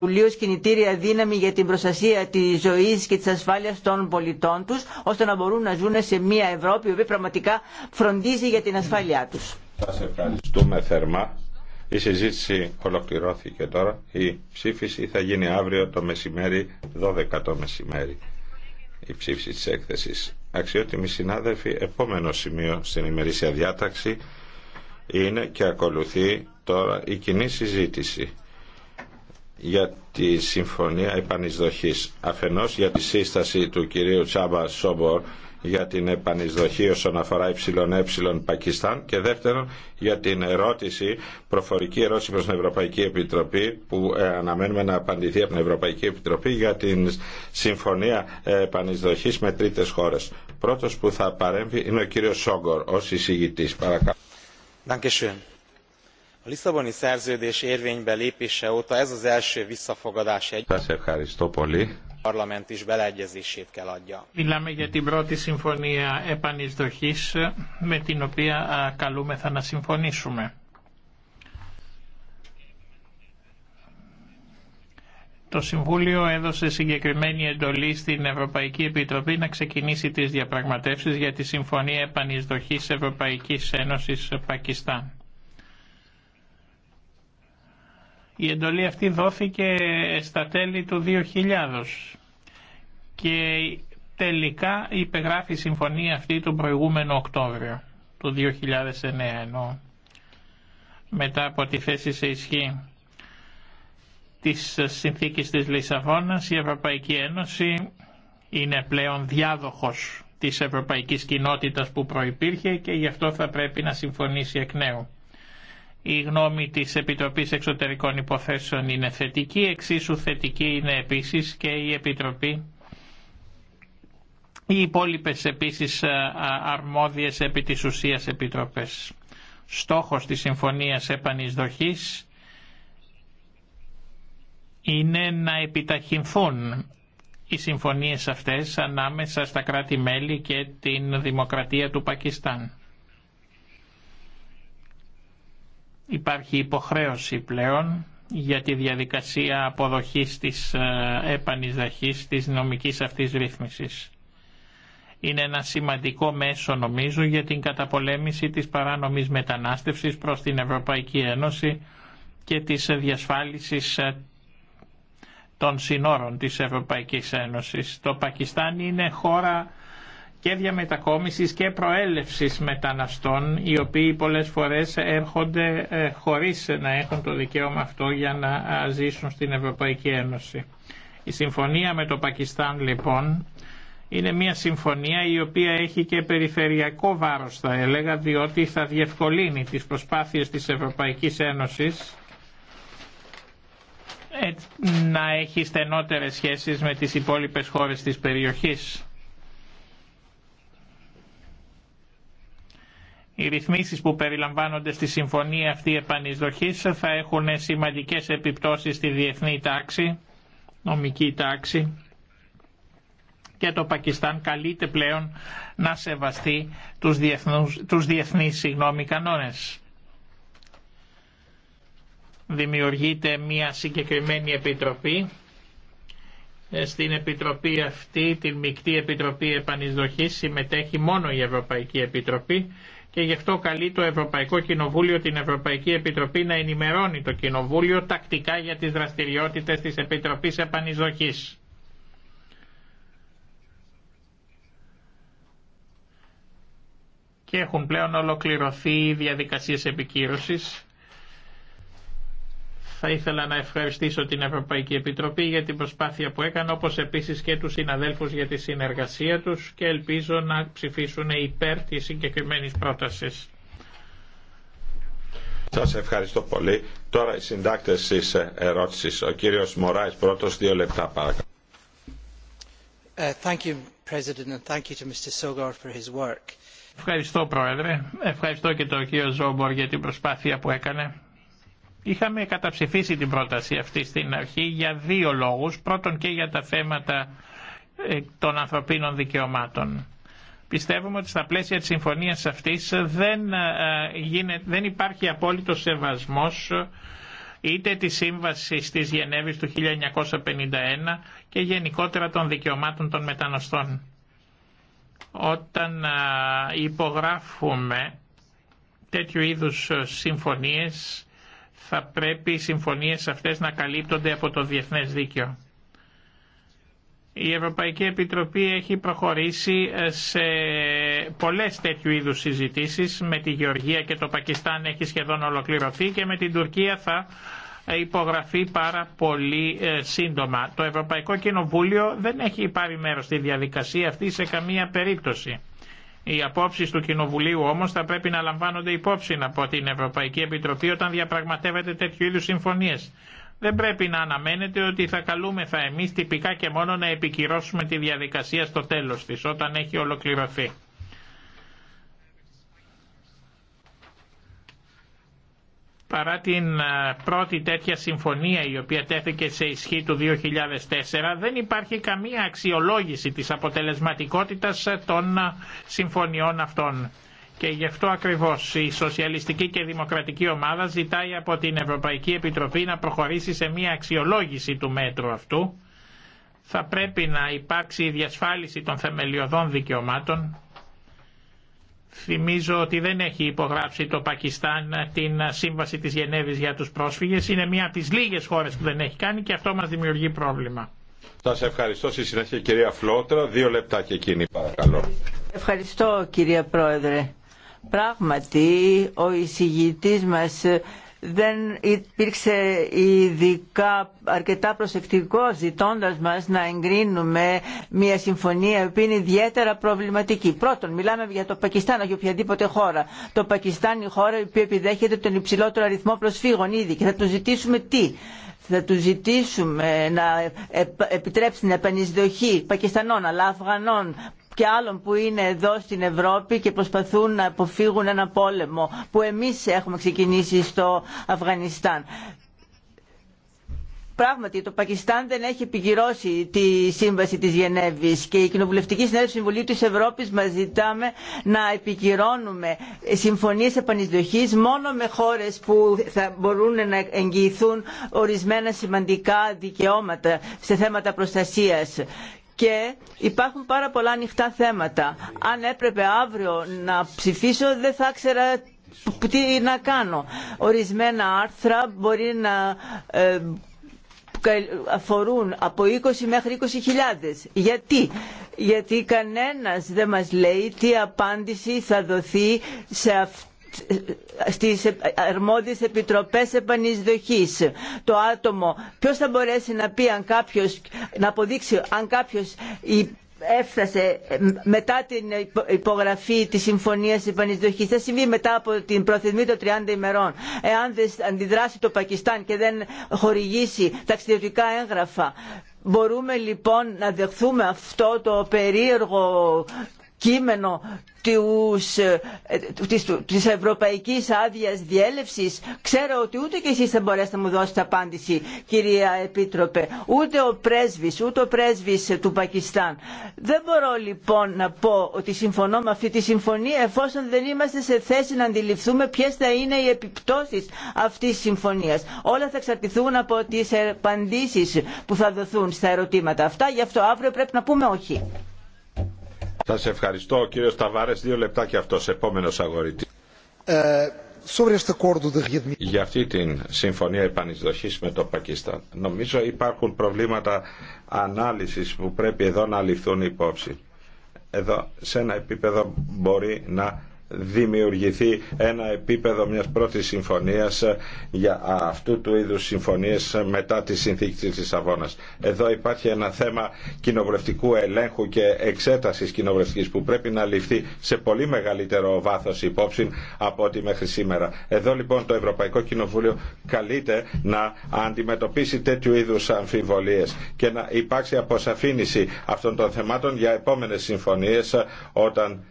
Συμβουλίου κινητήρια δύναμη για την προστασία της ζωής και της ασφάλειας των πολιτών τους, ώστε να μπορούν να ζουν σε μια Ευρώπη που πραγματικά φροντίζει για την ασφάλειά τους. Σα ευχαριστούμε θερμά. Η συζήτηση ολοκληρώθηκε τώρα. Η ψήφιση θα γίνει αύριο το μεσημέρι, 12 το μεσημέρι. Η ψήφιση της έκθεσης. Αξιότιμοι συνάδελφοι, επόμενο σημείο στην ημερήσια διάταξη είναι και ακολουθεί τώρα η κοινή συζήτηση για τη συμφωνία επανεισδοχής. Αφενός για τη σύσταση του κυρίου Τσάμπα Σόμπορ για την επανεισδοχή όσον αφορά ΕΕ Πακιστάν και δεύτερον για την ερώτηση, προφορική ερώτηση προς την Ευρωπαϊκή Επιτροπή που ε, αναμένουμε να απαντηθεί από την Ευρωπαϊκή Επιτροπή για την συμφωνία επανεισδοχής με τρίτες χώρες. Πρώτος που θα παρέμβει είναι ο κύριος Σόγκορ ως εισηγητής. Παρακαλώ. Σα ευχαριστώ πολύ. érvénybe Μιλάμε για την πρώτη συμφωνία επανεισδοχής με την οποία καλούμεθα να συμφωνήσουμε. Το Συμβούλιο έδωσε συγκεκριμένη εντολή στην Ευρωπαϊκή Επιτροπή να ξεκινήσει τις διαπραγματεύσεις για τη Συμφωνία Επανεισδοχής Ευρωπαϊκής Ένωσης Πακιστάν. Η εντολή αυτή δόθηκε στα τέλη του 2000 και τελικά υπεγράφει η συμφωνία αυτή τον προηγούμενο Οκτώβριο του 2009 μετά από τη θέση σε ισχύ της συνθήκης της Λισαβόνας η Ευρωπαϊκή Ένωση είναι πλέον διάδοχος της Ευρωπαϊκής Κοινότητας που προϋπήρχε και γι' αυτό θα πρέπει να συμφωνήσει εκ νέου. Η γνώμη της Επιτροπής Εξωτερικών Υποθέσεων είναι θετική, εξίσου θετική είναι επίσης και η Επιτροπή οι υπόλοιπε επίσης αρμόδιες επί της ουσίας επιτροπές. Στόχος της Συμφωνίας Επανεισδοχής είναι να επιταχυνθούν οι συμφωνίες αυτές ανάμεσα στα κράτη-μέλη και την Δημοκρατία του Πακιστάν. Υπάρχει υποχρέωση πλέον για τη διαδικασία αποδοχής της ε, επανεισδαχής της νομικής αυτής ρύθμισης. Είναι ένα σημαντικό μέσο νομίζω για την καταπολέμηση της παράνομης μετανάστευσης προς την Ευρωπαϊκή Ένωση και της διασφάλισης ε, των συνόρων της Ευρωπαϊκής Ένωσης. Το Πακιστάν είναι χώρα και διαμετακόμισης και προέλευσης μεταναστών οι οποίοι πολλές φορές έρχονται ε, χωρίς να έχουν το δικαίωμα αυτό για να ζήσουν στην Ευρωπαϊκή Ένωση. Η συμφωνία με το Πακιστάν λοιπόν είναι μια συμφωνία η οποία έχει και περιφερειακό βάρος θα έλεγα διότι θα διευκολύνει τις προσπάθειες της Ευρωπαϊκής Ένωσης ε, να έχει στενότερες σχέσεις με τις υπόλοιπες χώρες της περιοχής. Οι ρυθμίσεις που περιλαμβάνονται στη συμφωνία αυτή επανεισδοχής θα έχουν σημαντικές επιπτώσεις στη διεθνή τάξη, νομική τάξη και το Πακιστάν καλείται πλέον να σεβαστεί τους, διεθνούς, τους διεθνείς συγγνώμη, κανόνες. Δημιουργείται μια συγκεκριμένη επιτροπή. Ε, στην επιτροπή αυτή, την μεικτή επιτροπή επανεισδοχής, συμμετέχει μόνο η Ευρωπαϊκή Επιτροπή και γι' αυτό καλεί το Ευρωπαϊκό Κοινοβούλιο την Ευρωπαϊκή Επιτροπή να ενημερώνει το Κοινοβούλιο τακτικά για τις δραστηριότητες της Επιτροπής Επανεισδοχής. Και έχουν πλέον ολοκληρωθεί οι διαδικασίες επικύρωσης. Θα ήθελα να ευχαριστήσω την Ευρωπαϊκή Επιτροπή για την προσπάθεια που έκανε, όπως επίσης και τους συναδέλφους για τη συνεργασία τους και ελπίζω να ψηφίσουν υπέρ της συγκεκριμένης πρότασης. Σας ευχαριστώ πολύ. Τώρα οι συντάκτες της ερώτησης. Ο κύριος Μωράης πρώτος, δύο λεπτά παρακαλώ. Ευχαριστώ Πρόεδρε. Ευχαριστώ και τον κύριο Ζόμπορ για την προσπάθεια που έκανε. Είχαμε καταψηφίσει την πρόταση αυτή στην αρχή για δύο λόγους. Πρώτον και για τα θέματα ε, των ανθρωπίνων δικαιωμάτων. Πιστεύουμε ότι στα πλαίσια της συμφωνίας αυτής δεν, ε, γίνεται, δεν υπάρχει απόλυτος σεβασμός είτε τη σύμβαση της Γενέβης του 1951 και γενικότερα των δικαιωμάτων των μετανοστών. Όταν ε, υπογράφουμε τέτοιου είδους συμφωνίες θα πρέπει οι συμφωνίες αυτές να καλύπτονται από το διεθνές δίκαιο. Η Ευρωπαϊκή Επιτροπή έχει προχωρήσει ε, σε πολλές τέτοιου είδους συζητήσεις. Με τη Γεωργία και το Πακιστάν έχει σχεδόν ολοκληρωθεί και με την Τουρκία θα ε, υπογραφεί πάρα πολύ ε, σύντομα. Το Ευρωπαϊκό Κοινοβούλιο δεν έχει πάρει μέρος στη διαδικασία αυτή σε καμία περίπτωση. Οι απόψει του Κοινοβουλίου όμω θα πρέπει να λαμβάνονται υπόψη από την Ευρωπαϊκή Επιτροπή όταν διαπραγματεύεται τέτοιου είδου συμφωνίε. Δεν πρέπει να αναμένετε ότι θα θα εμεί τυπικά και μόνο να επικυρώσουμε τη διαδικασία στο τέλο τη, όταν έχει ολοκληρωθεί. παρά την ε, πρώτη τέτοια συμφωνία η οποία τέθηκε σε ισχύ του 2004 δεν υπάρχει καμία αξιολόγηση της αποτελεσματικότητας ε, των ε, συμφωνιών αυτών. Και γι' αυτό ακριβώς η Σοσιαλιστική και Δημοκρατική Ομάδα ζητάει από την Ευρωπαϊκή Επιτροπή να προχωρήσει σε μια αξιολόγηση του μέτρου αυτού. Θα πρέπει να υπάρξει η διασφάλιση των θεμελιωδών δικαιωμάτων Θυμίζω ότι δεν έχει υπογράψει το Πακιστάν την σύμβαση της Γενέβης για τους πρόσφυγες. Είναι μία από τις λίγες χώρες που δεν έχει κάνει και αυτό μας δημιουργεί πρόβλημα. Σας ευχαριστώ. Στη συνέχεια κυρία Φλότρα, δύο λεπτά και εκείνη παρακαλώ. Ευχαριστώ κυρία Πρόεδρε. Πράγματι ο εισηγητής μας δεν υπήρξε ειδικά αρκετά προσεκτικό ζητώντα μα να εγκρίνουμε μια συμφωνία που είναι ιδιαίτερα προβληματική. Πρώτον, μιλάμε για το Πακιστάν, όχι οποιαδήποτε χώρα. Το Πακιστάν είναι η χώρα η οποία επιδέχεται τον υψηλότερο αριθμό προσφύγων ήδη και θα του ζητήσουμε τι. Θα του ζητήσουμε να επιτρέψει την επανεισδοχή Πακιστανών αλλά Αφγανών και άλλων που είναι εδώ στην Ευρώπη και προσπαθούν να αποφύγουν ένα πόλεμο που εμείς έχουμε ξεκινήσει στο Αφγανιστάν. Πράγματι, το Πακιστάν δεν έχει επικυρώσει τη σύμβαση της Γενέβης και η Κοινοβουλευτική Συνέλευση Συμβουλίου της Ευρώπης μας ζητάμε να επικυρώνουμε συμφωνίες επανεισδοχής μόνο με χώρες που θα μπορούν να εγγυηθούν ορισμένα σημαντικά δικαιώματα σε θέματα προστασίας και υπάρχουν πάρα πολλά ανοιχτά θέματα. Αν έπρεπε αύριο να ψηφίσω δεν θα ξέρα τι να κάνω. Ορισμένα άρθρα μπορεί να ε, αφορούν από 20 μέχρι 20.000. Γιατί? Γιατί κανένας δεν μας λέει τι απάντηση θα δοθεί σε αυτό στις αρμόδιες επιτροπές επανεισδοχής το άτομο ποιος θα μπορέσει να πει αν κάποιος να αποδείξει αν κάποιος έφτασε μετά την υπογραφή της συμφωνίας επανεισδοχής θα συμβεί μετά από την προθεσμή των 30 ημερών εάν δεν αντιδράσει το Πακιστάν και δεν χορηγήσει ταξιδιωτικά έγγραφα Μπορούμε λοιπόν να δεχθούμε αυτό το περίεργο κείμενο της, ε, της, της Ευρωπαϊκής άδεια Διέλευσης. Ξέρω ότι ούτε και εσείς δεν μπορέσετε να μου δώσετε απάντηση, κυρία Επίτροπε. Ούτε ο πρέσβης, ούτε ο πρέσβης του Πακιστάν. Δεν μπορώ λοιπόν να πω ότι συμφωνώ με αυτή τη συμφωνία εφόσον δεν είμαστε σε θέση να αντιληφθούμε ποιες θα είναι οι επιπτώσεις αυτής της συμφωνίας. Όλα θα εξαρτηθούν από τις απαντήσεις που θα δοθούν στα ερωτήματα αυτά. Γι' αυτό αύριο πρέπει να πούμε όχι σε ευχαριστώ. Κύριο κύριος δύο λεπτά και αυτός, επόμενος αγορητή. Ε, για αυτή την συμφωνία επανεισδοχής με το Πακιστάν. Νομίζω υπάρχουν προβλήματα ανάλυσης που πρέπει εδώ να ληφθούν υπόψη. Εδώ σε ένα επίπεδο μπορεί να δημιουργηθεί ένα επίπεδο μιας πρώτης συμφωνίας ε, για αυτού του είδους συμφωνίες ε, μετά τη συνθήκη της Λισαβόνας. Εδώ υπάρχει ένα θέμα κοινοβουλευτικού ελέγχου και εξέτασης κοινοβουλευτικής που πρέπει να ληφθεί σε πολύ μεγαλύτερο βάθος υπόψη από ό,τι μέχρι σήμερα. Εδώ λοιπόν το Ευρωπαϊκό Κοινοβούλιο καλείται να αντιμετωπίσει τέτοιου είδους αμφιβολίες και να υπάρξει αποσαφήνιση αυτών των θεμάτων για επόμενες συμφωνίες ε, όταν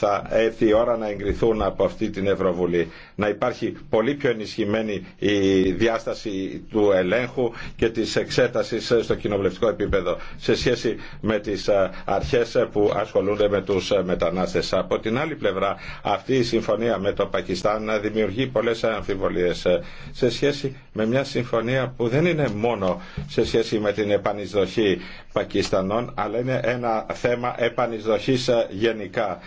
θα έρθει η ώρα να εγκριθούν από αυτή την Ευρωβουλή. Να υπάρχει πολύ πιο ενισχυμένη η διάσταση του ελέγχου και της εξέτασης στο κοινοβουλευτικό επίπεδο σε σχέση με τις ε, αρχές που ασχολούνται με τους ε, μετανάστες. Από την άλλη πλευρά αυτή η συμφωνία με το Πακιστάν δημιουργεί πολλές αμφιβολίες ε, σε σχέση με μια συμφωνία που δεν είναι μόνο σε σχέση με την επανεισδοχή Πακιστανών αλλά είναι ένα θέμα επανεισδοχής γενικά.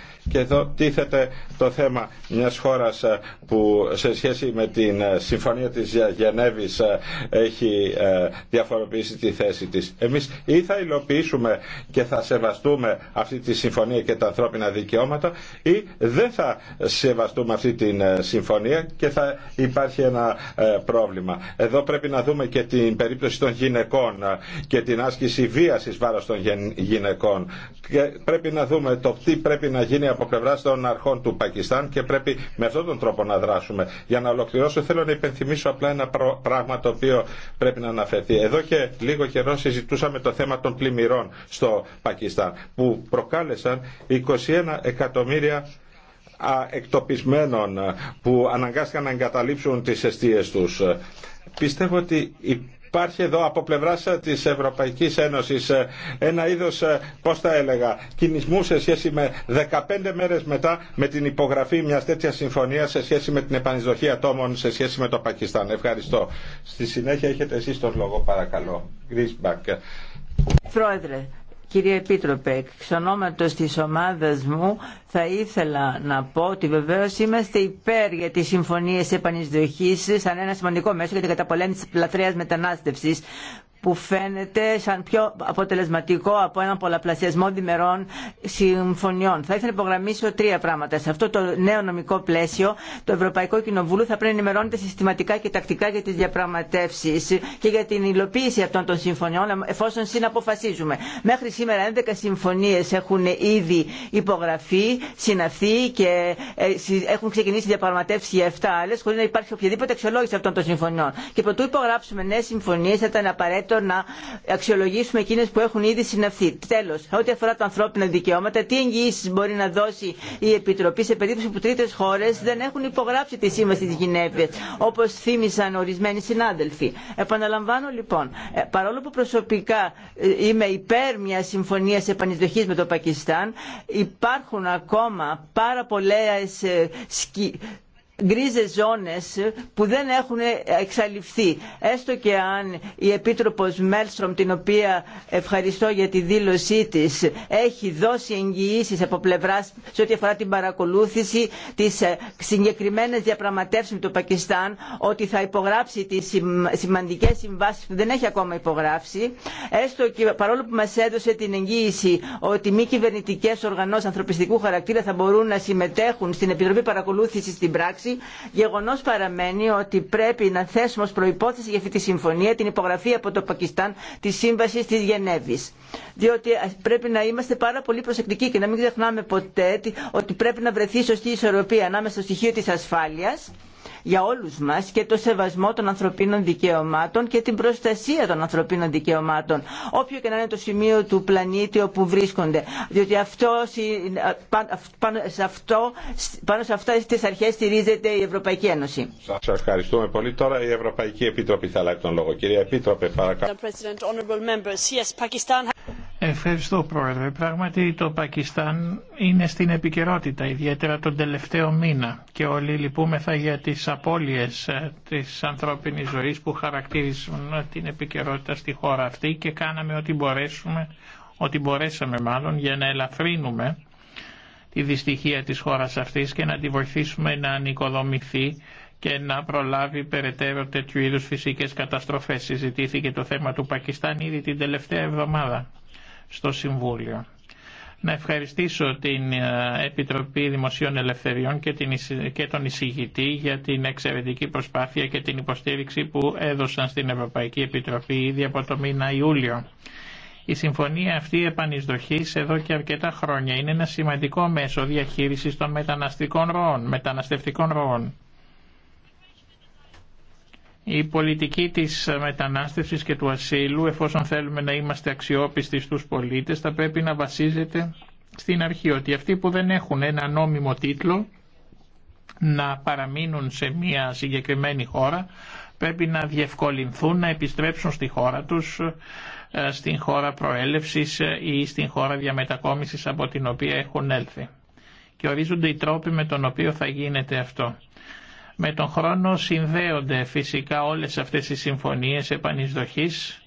Εδώ τίθεται το θέμα μιας χώρας ε, που σε σχέση με την ε, Συμφωνία της Γενέβης ε, έχει διαφοροποιήσει τη θέση της. Εμείς ή θα υλοποιήσουμε και θα σεβαστούμε αυτή τη συμφωνία και τα ανθρώπινα δικαιώματα ή δεν θα σεβαστούμε αυτή τη συμφωνία και θα υπάρχει ένα πρόβλημα. Εδώ πρέπει να δούμε και την περίπτωση των γυναικών και την άσκηση βίας βάρος των γυναικών. Και πρέπει να δούμε το τι πρέπει να γίνει από πλευρά των αρχών του Πακιστάν και πρέπει με αυτόν τον τρόπο να δράσουμε. Για να ολοκληρώσω θέλω να υπενθυμίσω απλά ένα πράγμα το οποίο πρέπει να αναφερθεί. Εδώ και λίγο καιρό συζητούσαμε το θέμα των πλημμυρών στο Πακιστάν που προκάλεσαν 21 εκατομμύρια εκτοπισμένων που αναγκάστηκαν να εγκαταλείψουν τις αιστείες τους. Πιστεύω ότι υπάρχει εδώ από πλευρά ε, τη Ευρωπαϊκή Ένωση ε, ένα είδο, ε, πώ θα έλεγα, κινησμού σε σχέση με 15 μέρε μετά με την υπογραφή μια τέτοια συμφωνία σε σχέση με την επανεισδοχή ατόμων σε σχέση με το Πακιστάν. Ευχαριστώ. Στη συνέχεια έχετε εσεί τον λόγο, παρακαλώ. Κύριε Επίτροπε, εξ ονόματος της ομάδας μου θα ήθελα να πω ότι βεβαίως είμαστε υπέρ για τις συμφωνίες επανεισδοχής σαν ένα σημαντικό μέσο για την καταπολέμηση της πλατρείας μετανάστευσης που φαίνεται σαν πιο αποτελεσματικό από έναν πολλαπλασιασμό διμερών συμφωνιών. Θα ήθελα να υπογραμμίσω τρία πράγματα. Σε αυτό το νέο νομικό πλαίσιο, το Ευρωπαϊκό Κοινοβούλιο θα πρέπει να ενημερώνεται συστηματικά και τακτικά για τι διαπραγματεύσει και για την υλοποίηση αυτών των συμφωνιών, εφόσον συναποφασίζουμε. Μέχρι σήμερα 11 συμφωνίε έχουν ήδη υπογραφεί, συναυθεί και ε, έχουν ξεκινήσει διαπραγματεύσει για 7 άλλε, χωρί να υπάρχει οποιαδήποτε αξιολόγηση αυτών των συμφωνιών. Και προτού υπογράψουμε νέε συμφωνίε, ήταν απαραίτητο να αξιολογήσουμε εκείνε που έχουν ήδη συναυθεί. Τέλο, ό,τι αφορά τα ανθρώπινα δικαιώματα, τι εγγύησει μπορεί να δώσει η Επιτροπή σε περίπτωση που τρίτες χώρε δεν έχουν υπογράψει τη σύμβαση τη Γυναίκα, όπως θύμισαν ορισμένοι συνάδελφοι. Επαναλαμβάνω λοιπόν, ε, παρόλο που προσωπικά ε, είμαι υπέρ μια συμφωνία επανεισδοχής με το Πακιστάν, υπάρχουν ακόμα πάρα πολλές ε, γκρίζες ζώνες που δεν έχουν εξαλειφθεί. Έστω και αν η Επίτροπος Μέλστρομ, την οποία ευχαριστώ για τη δήλωσή της, έχει δώσει εγγυήσεις από πλευράς σε ό,τι αφορά την παρακολούθηση της ε, συγκεκριμένες διαπραγματεύσεις με το Πακιστάν, ότι θα υπογράψει τις σημαντικές συμβάσεις που δεν έχει ακόμα υπογράψει, έστω και παρόλο που μας έδωσε την εγγύηση ότι μη κυβερνητικέ οργανώσεις ανθρωπιστικού χαρακτήρα θα μπορούν να συμμετέχουν στην Επιτροπή Παρακολούθησης στην πράξη, γεγονός παραμένει ότι πρέπει να θέσουμε ως προϋπόθεση για αυτή τη συμφωνία την υπογραφή από το Πακιστάν της Σύμβασης της Γενέβης. Διότι πρέπει να είμαστε πάρα πολύ προσεκτικοί και να μην ξεχνάμε ποτέ ότι πρέπει να βρεθεί σωστή ισορροπία ανάμεσα στο στοιχείο της ασφάλειας για όλους μας και το σεβασμό των ανθρωπίνων δικαιωμάτων και την προστασία των ανθρωπίνων δικαιωμάτων, όποιο και να είναι το σημείο του πλανήτη όπου βρίσκονται. Διότι αυτό, πάνω, σε αυτό, πάνω σε αυτά τις αρχές στηρίζεται η Ευρωπαϊκή Ένωση. Σας ευχαριστούμε πολύ. Τώρα η Ευρωπαϊκή Επιτροπή θα λάβει τον λόγο. Κυρία Επίτροπε, παρακαλώ. Ευχαριστώ Πρόεδρε. Πράγματι το Πακιστάν είναι στην επικαιρότητα, ιδιαίτερα τον τελευταίο μήνα και όλοι λυπούμεθα για τις απώλειες ε, της ανθρώπινης ζωής που χαρακτηρίζουν την επικαιρότητα στη χώρα αυτή και κάναμε ό,τι μπορέσουμε, ό,τι μπορέσαμε μάλλον για να ελαφρύνουμε τη δυστυχία της χώρας αυτής και να τη βοηθήσουμε να ανοικοδομηθεί και να προλάβει περαιτέρω τέτοιου είδους φυσικές καταστροφές. Συζητήθηκε το θέμα του Πακιστάν ήδη την τελευταία εβδομάδα στο Συμβούλιο. Να ευχαριστήσω την ε, Επιτροπή Δημοσίων Ελευθεριών και τον εισηγητή για την εξαιρετική προσπάθεια και την υποστήριξη που έδωσαν στην Ευρωπαϊκή Επιτροπή ήδη από το μήνα Ιούλιο. Η συμφωνία αυτή επανεισδοχή εδώ και αρκετά χρόνια είναι ένα σημαντικό μέσο διαχείρισης των μεταναστικών μεταναστευτικών ροών. Η πολιτική της μετανάστευσης και του ασύλου, εφόσον θέλουμε να είμαστε αξιόπιστοι στους πολίτες, θα πρέπει να βασίζεται στην αρχή ότι αυτοί που δεν έχουν ένα νόμιμο τίτλο να παραμείνουν σε μια συγκεκριμένη χώρα πρέπει να διευκολυνθούν να επιστρέψουν στη χώρα τους, ε, στην χώρα προέλευσης ε, ή στην χώρα διαμετακόμισης από την οποία έχουν έλθει. Και ορίζονται οι τρόποι με τον οποίο θα γίνεται αυτό. Με τον χρόνο συνδέονται φυσικά όλες αυτές οι συμφωνίες επανεισδοχής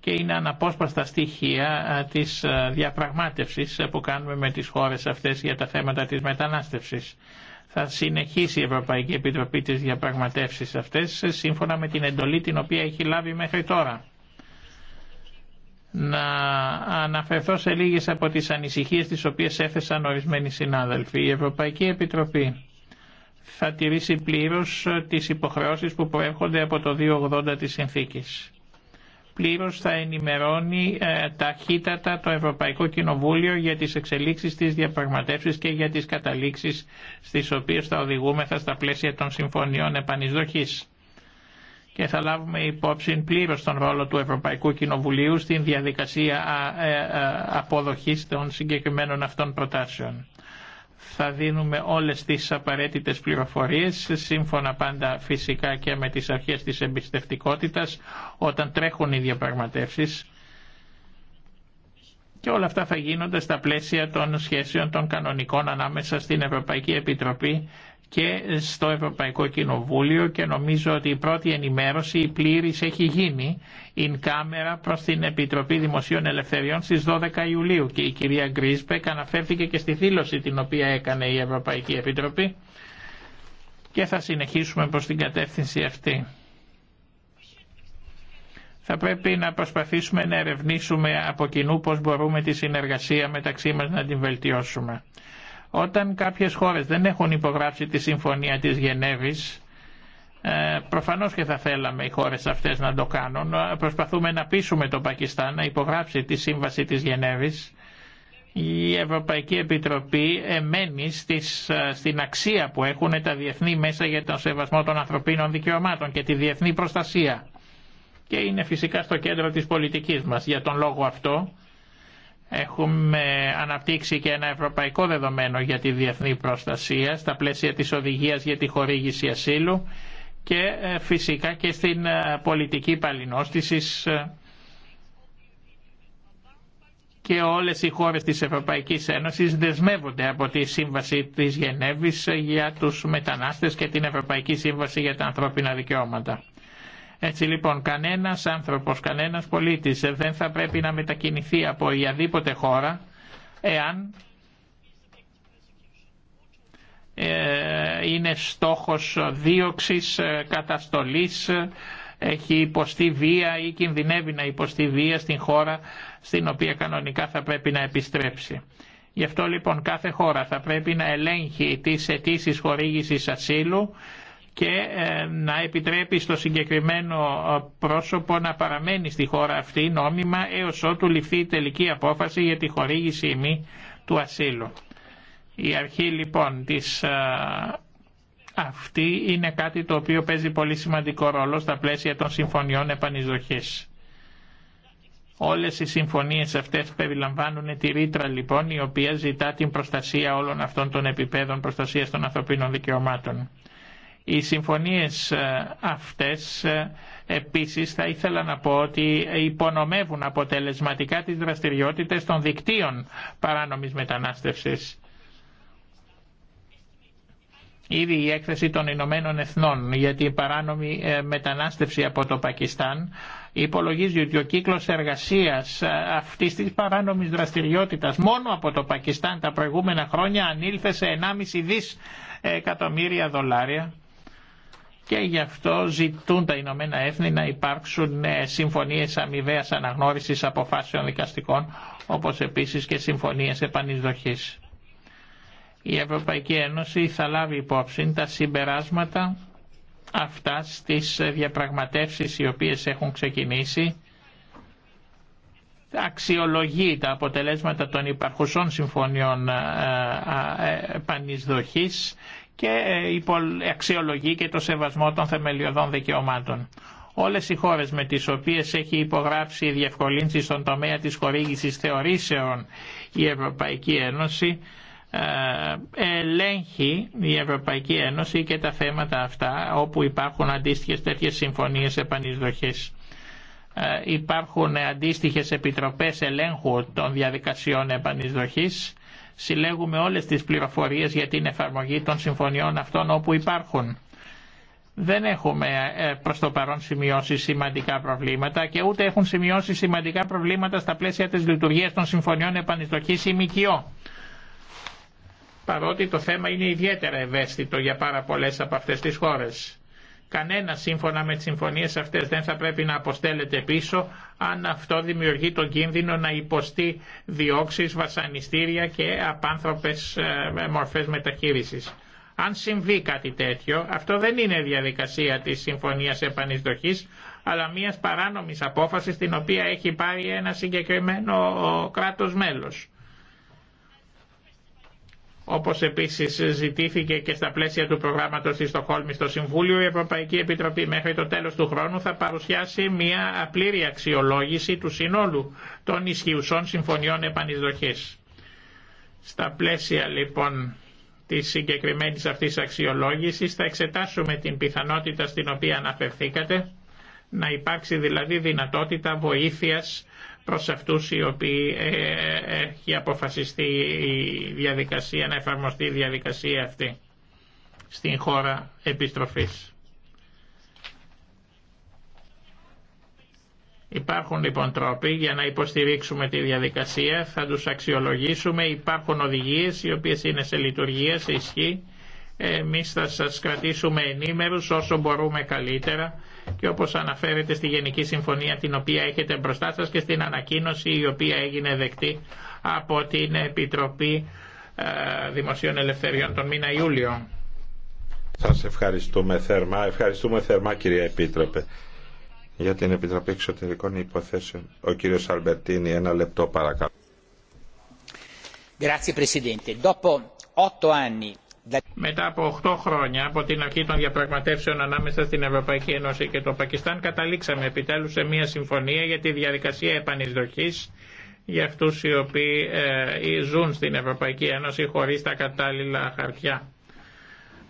και είναι αναπόσπαστα στοιχεία της διαπραγμάτευσης που κάνουμε με τις χώρες αυτές για τα θέματα της μετανάστευσης. Θα συνεχίσει η Ευρωπαϊκή Επιτροπή τις διαπραγματεύσεις αυτές σύμφωνα με την εντολή την οποία έχει λάβει μέχρι τώρα. Να αναφερθώ σε λίγες από τις ανησυχίες τις οποίες έθεσαν ορισμένοι συνάδελφοι. Η Ευρωπαϊκή Επιτροπή θα τηρήσει πλήρως ε, τις υποχρεώσεις που προέρχονται από το 280 τη Συνθήκης. Πλήρως θα ενημερώνει ε, ταχύτατα το Ευρωπαϊκό Κοινοβούλιο για τις εξελίξεις της διαπραγματεύσεις και για τις καταλήξεις στις οποίες θα οδηγούμεθα στα πλαίσια των συμφωνιών επανεισδοχής. Και θα λάβουμε υπόψη πλήρως τον ρόλο του Ευρωπαϊκού Κοινοβουλίου στην διαδικασία ε, ε, αποδοχής των συγκεκριμένων αυτών προτάσεων θα δίνουμε όλες τις απαραίτητες πληροφορίες, σύμφωνα πάντα φυσικά και με τις αρχές της εμπιστευτικότητας, όταν τρέχουν οι διαπραγματεύσεις. Και όλα αυτά θα γίνονται στα πλαίσια των σχέσεων των κανονικών ανάμεσα στην Ευρωπαϊκή Επιτροπή και στο Ευρωπαϊκό Κοινοβούλιο και νομίζω ότι η πρώτη ενημέρωση, πλήρης, έχει γίνει in camera προς την Επιτροπή Δημοσίων Ελευθεριών στις 12 Ιουλίου και η κυρία Γκρίσπεκ αναφέρθηκε και στη δήλωση την οποία έκανε η Ευρωπαϊκή Επιτροπή και θα συνεχίσουμε προς την κατεύθυνση αυτή. Θα πρέπει να προσπαθήσουμε να ερευνήσουμε από κοινού πώς μπορούμε τη συνεργασία μεταξύ μας να την βελτιώσουμε. Όταν κάποιες χώρες δεν έχουν υπογράψει τη Συμφωνία της Γενέβης, ε, προφανώς και θα θέλαμε οι χώρες αυτές να το κάνουν, προσπαθούμε να πείσουμε το Πακιστάν να υπογράψει τη Σύμβαση της Γενέβης, η Ευρωπαϊκή Επιτροπή εμένει στις, ε, στην αξία που έχουν τα διεθνή μέσα για τον σεβασμό των ανθρωπίνων δικαιωμάτων και τη διεθνή προστασία. Και είναι φυσικά στο κέντρο της πολιτικής μας. Για τον λόγο αυτό Έχουμε αναπτύξει και ένα ευρωπαϊκό δεδομένο για τη διεθνή προστασία στα πλαίσια της οδηγίας για τη χορήγηση ασύλου και ε, φυσικά και στην ε, πολιτική παλινόστησης ε, και όλες οι χώρες της Ευρωπαϊκής Ένωσης δεσμεύονται από τη Σύμβαση της Γενέβης για τους μετανάστες και την Ευρωπαϊκή Σύμβαση για τα ανθρώπινα δικαιώματα. Έτσι λοιπόν κανένας άνθρωπος, κανένας πολίτης ε, δεν θα πρέπει να μετακινηθεί από οποιαδήποτε χώρα εάν ε, είναι στόχος δίωξης, ε, καταστολής, έχει υποστεί βία ή κινδυνεύει να υποστεί βία στην χώρα στην οποία κανονικά θα πρέπει να επιστρέψει. Γι' αυτό λοιπόν κάθε χώρα θα πρέπει να ελέγχει τις αιτήσει χορήγησης ασύλου και ε, να επιτρέπει στο συγκεκριμένο ε, πρόσωπο να παραμένει στη χώρα αυτή νόμιμα έως ότου ληφθεί η τελική απόφαση για τη χορήγηση ημί του ασύλου. Η αρχή λοιπόν της ε, αυτή είναι κάτι το οποίο παίζει πολύ σημαντικό ρόλο στα πλαίσια των συμφωνιών επανεισδοχής. Όλες οι συμφωνίες αυτές περιλαμβάνουν τη ρήτρα λοιπόν η οποία ζητά την προστασία όλων αυτών των επιπέδων προστασίας των ανθρωπίνων δικαιωμάτων. Οι συμφωνίες ε, αυτές ε, επίσης θα ήθελα να πω ότι υπονομεύουν αποτελεσματικά τις δραστηριότητες των δικτύων παράνομης μετανάστευσης. Ήδη η έκθεση των Ηνωμένων Εθνών για την παράνομη ε, μετανάστευση από το Πακιστάν υπολογίζει ότι ο κύκλος εργασίας αυτής της παράνομης δραστηριότητας μόνο από το Πακιστάν τα προηγούμενα χρόνια ανήλθε σε 1,5 δις εκατομμύρια δολάρια και γι' αυτό ζητούν τα Ηνωμένα Έθνη να υπάρξουν ε, συμφωνίες αμοιβαίας αναγνώρισης αποφάσεων δικαστικών όπως επίσης και συμφωνίες επανεισδοχής. Η Ευρωπαϊκή Ένωση θα λάβει υπόψη τα συμπεράσματα αυτά στις διαπραγματεύσεις οι οποίες έχουν ξεκινήσει αξιολογεί τα αποτελέσματα των υπαρχουσών συμφωνιών ε, ε, πανισδοχής και ε, αξιολογεί και το σεβασμό των θεμελιωδών δικαιωμάτων. Όλες οι χώρες με τις οποίες έχει υπογράψει η διευκολύνση στον τομέα της χορήγησης θεωρήσεων η Ευρωπαϊκή Ένωση ε, ελέγχει η Ευρωπαϊκή Ένωση και τα θέματα αυτά όπου υπάρχουν αντίστοιχες τέτοιες συμφωνίες επανεισδοχής. Ε, υπάρχουν αντίστοιχες επιτροπές ελέγχου των διαδικασιών επανεισδοχής συλλέγουμε όλες τις πληροφορίες για την εφαρμογή των συμφωνιών αυτών όπου υπάρχουν. Δεν έχουμε ε, προς το παρόν σημειώσει σημαντικά προβλήματα και ούτε έχουν σημειώσει σημαντικά προβλήματα στα πλαίσια της λειτουργίας των συμφωνιών επανιστοχής ή ΜΚΟ. Παρότι το θέμα είναι ιδιαίτερα ευαίσθητο για πάρα πολλές από αυτές τις χώρες. Κανένα σύμφωνα με τις συμφωνίες αυτές δεν θα πρέπει να αποστέλλεται πίσω αν αυτό δημιουργεί τον κίνδυνο να υποστεί διώξεις, βασανιστήρια και απάνθρωπες ε, μορφές μεταχείρισης. Αν συμβεί κάτι τέτοιο, αυτό δεν είναι διαδικασία της συμφωνίας επανεισδοχής, αλλά μιας παράνομης απόφασης την οποία έχει πάρει ένα συγκεκριμένο κράτος μέλος. Όπως επίσης ζητήθηκε και στα πλαίσια του προγράμματος της Στοχόλμης στο Συμβούλιο, η Ευρωπαϊκή Επιτροπή μέχρι το τέλος του χρόνου θα παρουσιάσει μια απλήρη αξιολόγηση του συνόλου των ισχυουσών συμφωνιών επανεισδοχής. Στα πλαίσια λοιπόν της συγκεκριμένης αυτής αξιολόγησης θα εξετάσουμε την πιθανότητα στην οποία αναφερθήκατε, να υπάρξει δηλαδή δυνατότητα βοήθειας προς αυτούς οι οποίοι ε, ε, έχει αποφασιστεί η διαδικασία, να εφαρμοστεί η διαδικασία αυτή στην χώρα επιστροφής. Υπάρχουν λοιπόν τρόποι για να υποστηρίξουμε τη διαδικασία, θα τους αξιολογήσουμε, υπάρχουν οδηγίες οι οποίες είναι σε λειτουργία, σε ισχύ. Εμείς θα σας κρατήσουμε ενήμερους όσο μπορούμε καλύτερα και όπως αναφέρεται στη Γενική Συμφωνία την οποία έχετε μπροστά σας και στην ανακοίνωση η οποία έγινε δεκτή από την Επιτροπή ε, Δημοσίων Ελευθεριών τον μήνα Ιούλιο. Σας ευχαριστούμε θερμά. Ευχαριστούμε θερμά κυρία Επίτροπε. Για την Επιτροπή Εξωτερικών Υποθέσεων, ο κύριος Αλμπερτίνη, ένα λεπτό παρακαλώ. Grazie Presidente. Dopo μετά από 8 χρόνια από την αρχή των διαπραγματεύσεων ανάμεσα στην Ευρωπαϊκή Ένωση και το Πακιστάν καταλήξαμε επιτέλους σε μια συμφωνία για τη διαδικασία επανεισδοχής για αυτούς οι οποίοι ε, ζουν στην Ευρωπαϊκή Ένωση χωρίς τα κατάλληλα χαρτιά.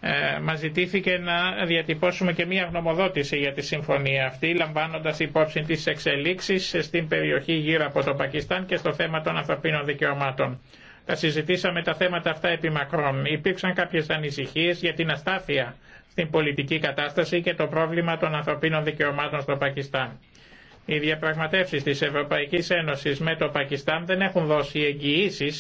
Ε, μας ζητήθηκε να διατυπώσουμε και μία γνωμοδότηση για τη συμφωνία αυτή, λαμβάνοντας υπόψη τις εξελίξεις στην περιοχή γύρω από το Πακιστάν και στο θέμα των ανθρωπίνων δικαιωμάτων. Τα συζητήσαμε τα θέματα αυτά επί μακρόν. Υπήρξαν κάποιες ανησυχίες για την αστάθεια στην πολιτική κατάσταση και το πρόβλημα των ανθρωπίνων δικαιωμάτων στο Πακιστάν. Οι διαπραγματεύσεις της Ευρωπαϊκής Ένωσης με το Πακιστάν δεν έχουν δώσει εγγυήσει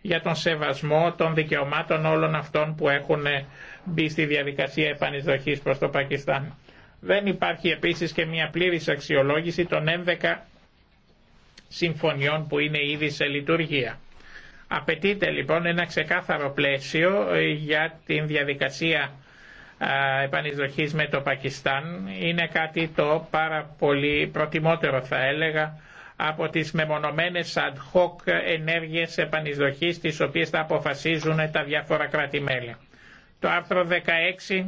για τον σεβασμό των δικαιωμάτων όλων αυτών που έχουν ε, μπει στη διαδικασία επανεισδοχής προς το Πακιστάν. Δεν υπάρχει επίσης και μια πλήρης αξιολόγηση των 11 συμφωνιών που είναι ήδη σε λειτουργία. Απαιτείται λοιπόν ένα ξεκάθαρο πλαίσιο ε, για την διαδικασία επανεισδοχής με το Πακιστάν. Είναι κάτι το πάρα πολύ προτιμότερο θα έλεγα από τις μεμονωμένες ad hoc ενέργειες επανεισδοχής τις οποίες θα αποφασίζουν τα διάφορα κράτη-μέλη. Το άρθρο 16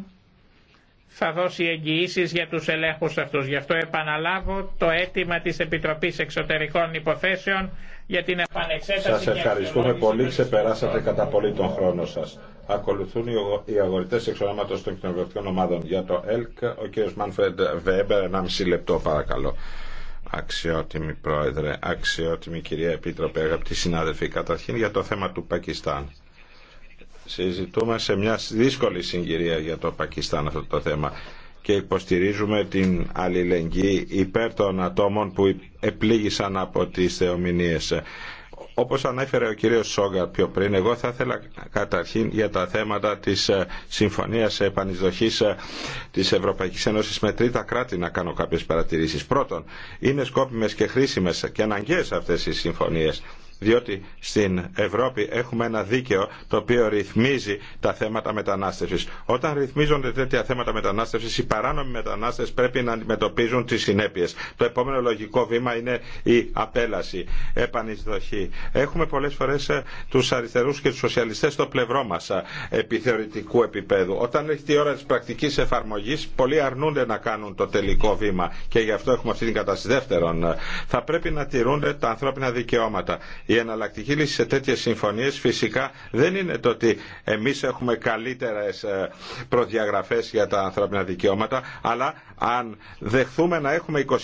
θα δώσει εγγυήσει για τους ελέγχους αυτούς. Γι' αυτό επαναλάβω το αίτημα της Επιτροπής Εξωτερικών Υποθέσεων για την επανεξέταση. Σας ευχαριστούμε πολύ. Ξεπεράσατε κατά πολύ τον χρόνο σας. Ακολουθούν οι αγορητές εξ των κοινοβουλευτικών ομάδων. Για το ΕΛΚ, ο κύριος Μάνφρεντ Βέμπερ, 1,5 λεπτό παρακαλώ. Αξιότιμη Πρόεδρε, αξιότιμη κυρία Επίτροπε, αγαπητοί συνάδελφοι, καταρχήν για το θέμα του Πακιστάν. Συζητούμε σε μια δύσκολη συγκυρία για το Πακιστάν αυτό το θέμα και υποστηρίζουμε την αλληλεγγύη υπέρ των ατόμων που επλήγησαν από τις θεομηνίες. Όπως ανέφερε ο κύριος Σόγκα πιο πριν, εγώ θα ήθελα καταρχήν για τα θέματα της ε, Συμφωνίας Επανεισδοχής ε, της Ευρωπαϊκής Ένωσης με τρίτα κράτη να κάνω κάποιες παρατηρήσεις. Πρώτον, είναι σκόπιμες και χρήσιμες και αναγκαίες αυτές οι συμφωνίες διότι στην Ευρώπη έχουμε ένα δίκαιο το οποίο ρυθμίζει τα θέματα μετανάστευσης. Όταν ρυθμίζονται τέτοια θέματα μετανάστευσης, οι παράνομοι μετανάστες πρέπει να αντιμετωπίζουν τις συνέπειες. Το επόμενο λογικό βήμα είναι η απέλαση, επανεισδοχή. Έχουμε πολλές φορές ε, τους αριστερούς και τους σοσιαλιστές στο πλευρό μας ε, επιθεωρητικού επίπεδου. Όταν έρχεται η ώρα της πρακτικής εφαρμογής, πολλοί αρνούνται να κάνουν το τελικό βήμα και γι' αυτό έχουμε αυτή την κατάσταση. Δεύτερον, ε, θα πρέπει να τηρούνται τα ανθρώπινα δικαιώματα. Η εναλλακτική λύση σε τέτοιε συμφωνίε φυσικά δεν είναι το ότι εμεί έχουμε καλύτερε προδιαγραφέ για τα ανθρώπινα δικαιώματα, αλλά αν δεχθούμε να έχουμε 27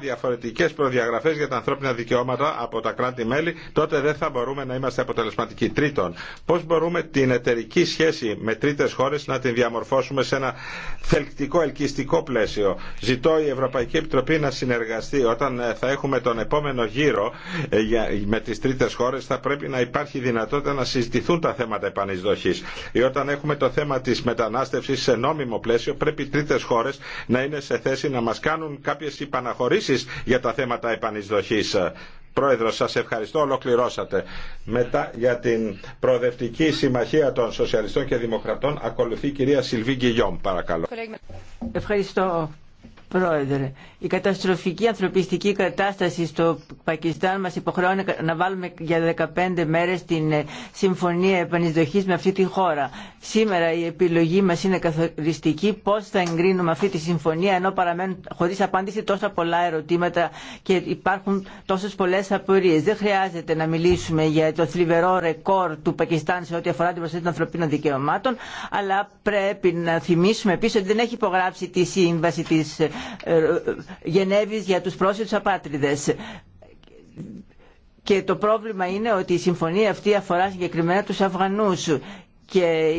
διαφορετικέ προδιαγραφέ για τα ανθρώπινα δικαιώματα από τα κράτη-μέλη, τότε δεν θα μπορούμε να είμαστε αποτελεσματικοί. Τρίτον, πώ μπορούμε την εταιρική σχέση με τρίτε χώρε να την διαμορφώσουμε σε ένα θελκτικό, ελκυστικό πλαίσιο. Ζητώ η Ευρωπαϊκή Επιτροπή να συνεργαστεί όταν ε, θα έχουμε τον επόμενο γύρο ε, με τις τρίτες χώρε θα πρέπει να υπάρχει δυνατότητα να συζητηθούν τα θέματα επανεισδοχής. Ή όταν έχουμε το θέμα της μετανάστευση σε νόμιμο πλαίσιο πρέπει τρίτες χώρε να είναι σε θέση να μας κάνουν κάποιες υπαναχωρήσεις για τα θέματα επανεισδοχής. Πρόεδρο, σας ευχαριστώ, ολοκληρώσατε. Μετά για την Προοδευτική Συμμαχία των Σοσιαλιστών και Δημοκρατών ακολουθεί η κυρία Σιλβί Γκυγιόμ, παρακαλώ. Ευχαριστώ, Πρόεδρε, η καταστροφική ανθρωπιστική κατάσταση στο Πακιστάν μας υποχρεώνει να βάλουμε για 15 μέρες την ε, συμφωνία επανεισδοχής με αυτή τη χώρα. Σήμερα η επιλογή μας είναι καθοριστική πώς θα εγκρίνουμε αυτή τη συμφωνία ενώ παραμένουν χωρίς απάντηση τόσα πολλά ερωτήματα και υπάρχουν τόσες πολλές απορίες. Δεν χρειάζεται να μιλήσουμε για το θλιβερό ρεκόρ του Πακιστάν σε ό,τι αφορά την προστασία των ανθρωπίνων δικαιωμάτων αλλά πρέπει να θυμίσουμε επίσης ότι δεν έχει υπογράψει τη σύμβαση της ε, ε, Γενέβη για τους πρόσφυγες απάτριδες. Και το πρόβλημα είναι ότι η συμφωνία αυτή αφορά συγκεκριμένα τους Αφγανούς και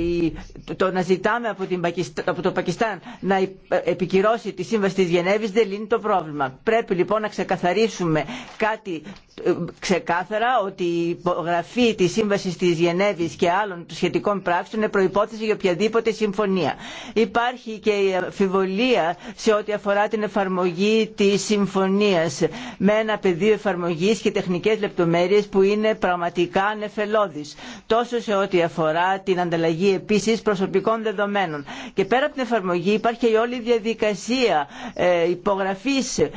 το να ζητάμε από, την από το Πακιστάν να επικυρώσει τη σύμβαση της Γενέβης δεν λύνει το πρόβλημα. Πρέπει λοιπόν να ξεκαθαρίσουμε κάτι ε, ξεκάθαρα ότι η υπογραφή της σύμβασης της Γενέβης και άλλων σχετικών πράξεων είναι προϋπόθεση για οποιαδήποτε συμφωνία. Υπάρχει και η αφιβολία σε ό,τι αφορά την εφαρμογή της συμφωνίας με ένα πεδίο εφαρμογής και τεχνικές λεπτομέρειες που είναι πραγματικά ανεφελώδεις τόσο σε ό,τι αφορά την ανταλλαγή επίση προσωπικών δεδομένων. Και πέρα από την εφαρμογή υπάρχει και η όλη διαδικασία ε, υπογραφής ε,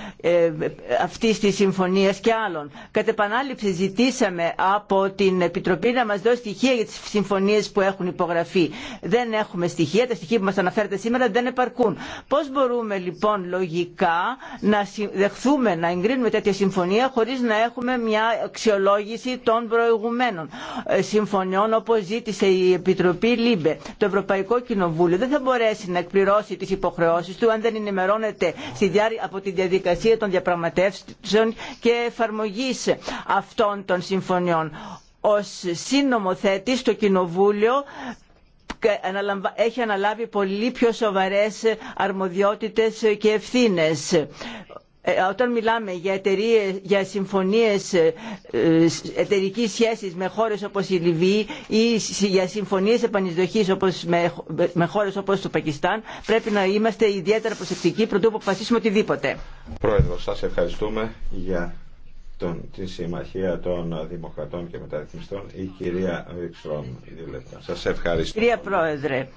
αυτής της συμφωνίας και άλλων. Κατ' επανάληψη ζητήσαμε από την Επιτροπή να μα δώσει στοιχεία για τι συμφωνίε που έχουν υπογραφεί. Δεν έχουμε στοιχεία, τα στοιχεία που μα αναφέρετε σήμερα δεν επαρκούν. Πώ μπορούμε λοιπόν λογικά να δεχθούμε, να εγκρίνουμε τέτοια συμφωνία χωρίς να έχουμε μια αξιολόγηση των προηγουμένων ε, συμφωνιών όπω ζήτησε η Επιτροπή Επιτροπή ΛΥΜΠΕ, το Ευρωπαϊκό Κοινοβούλιο δεν θα μπορέσει να εκπληρώσει τι υποχρεώσει του αν δεν ενημερώνεται στη διάρκεια από τη διαδικασία των διαπραγματεύσεων και εφαρμογή αυτών των συμφωνιών. Ως σύνομοθέτη, το Κοινοβούλιο έχει αναλάβει πολύ πιο σοβαρές αρμοδιότητες και ευθύνες ε, όταν μιλάμε για, εταιρείες, για συμφωνίες ε, ε, εταιρικής σχέσης με χώρες όπως η Λιβύη ή για συμφωνίες επανεισδοχής όπως με, χώρε χώρες όπως το Πακιστάν πρέπει να είμαστε ιδιαίτερα προσεκτικοί πρωτού αποφασίσουμε οτιδήποτε. Πρόεδρο, σας ευχαριστούμε για τον, τη συμμαχία των Δημοκρατών και Μεταρρυθμιστών η κυρία Βίξτρομ. Σας ευχαριστώ. Κυρία Πρόεδρε.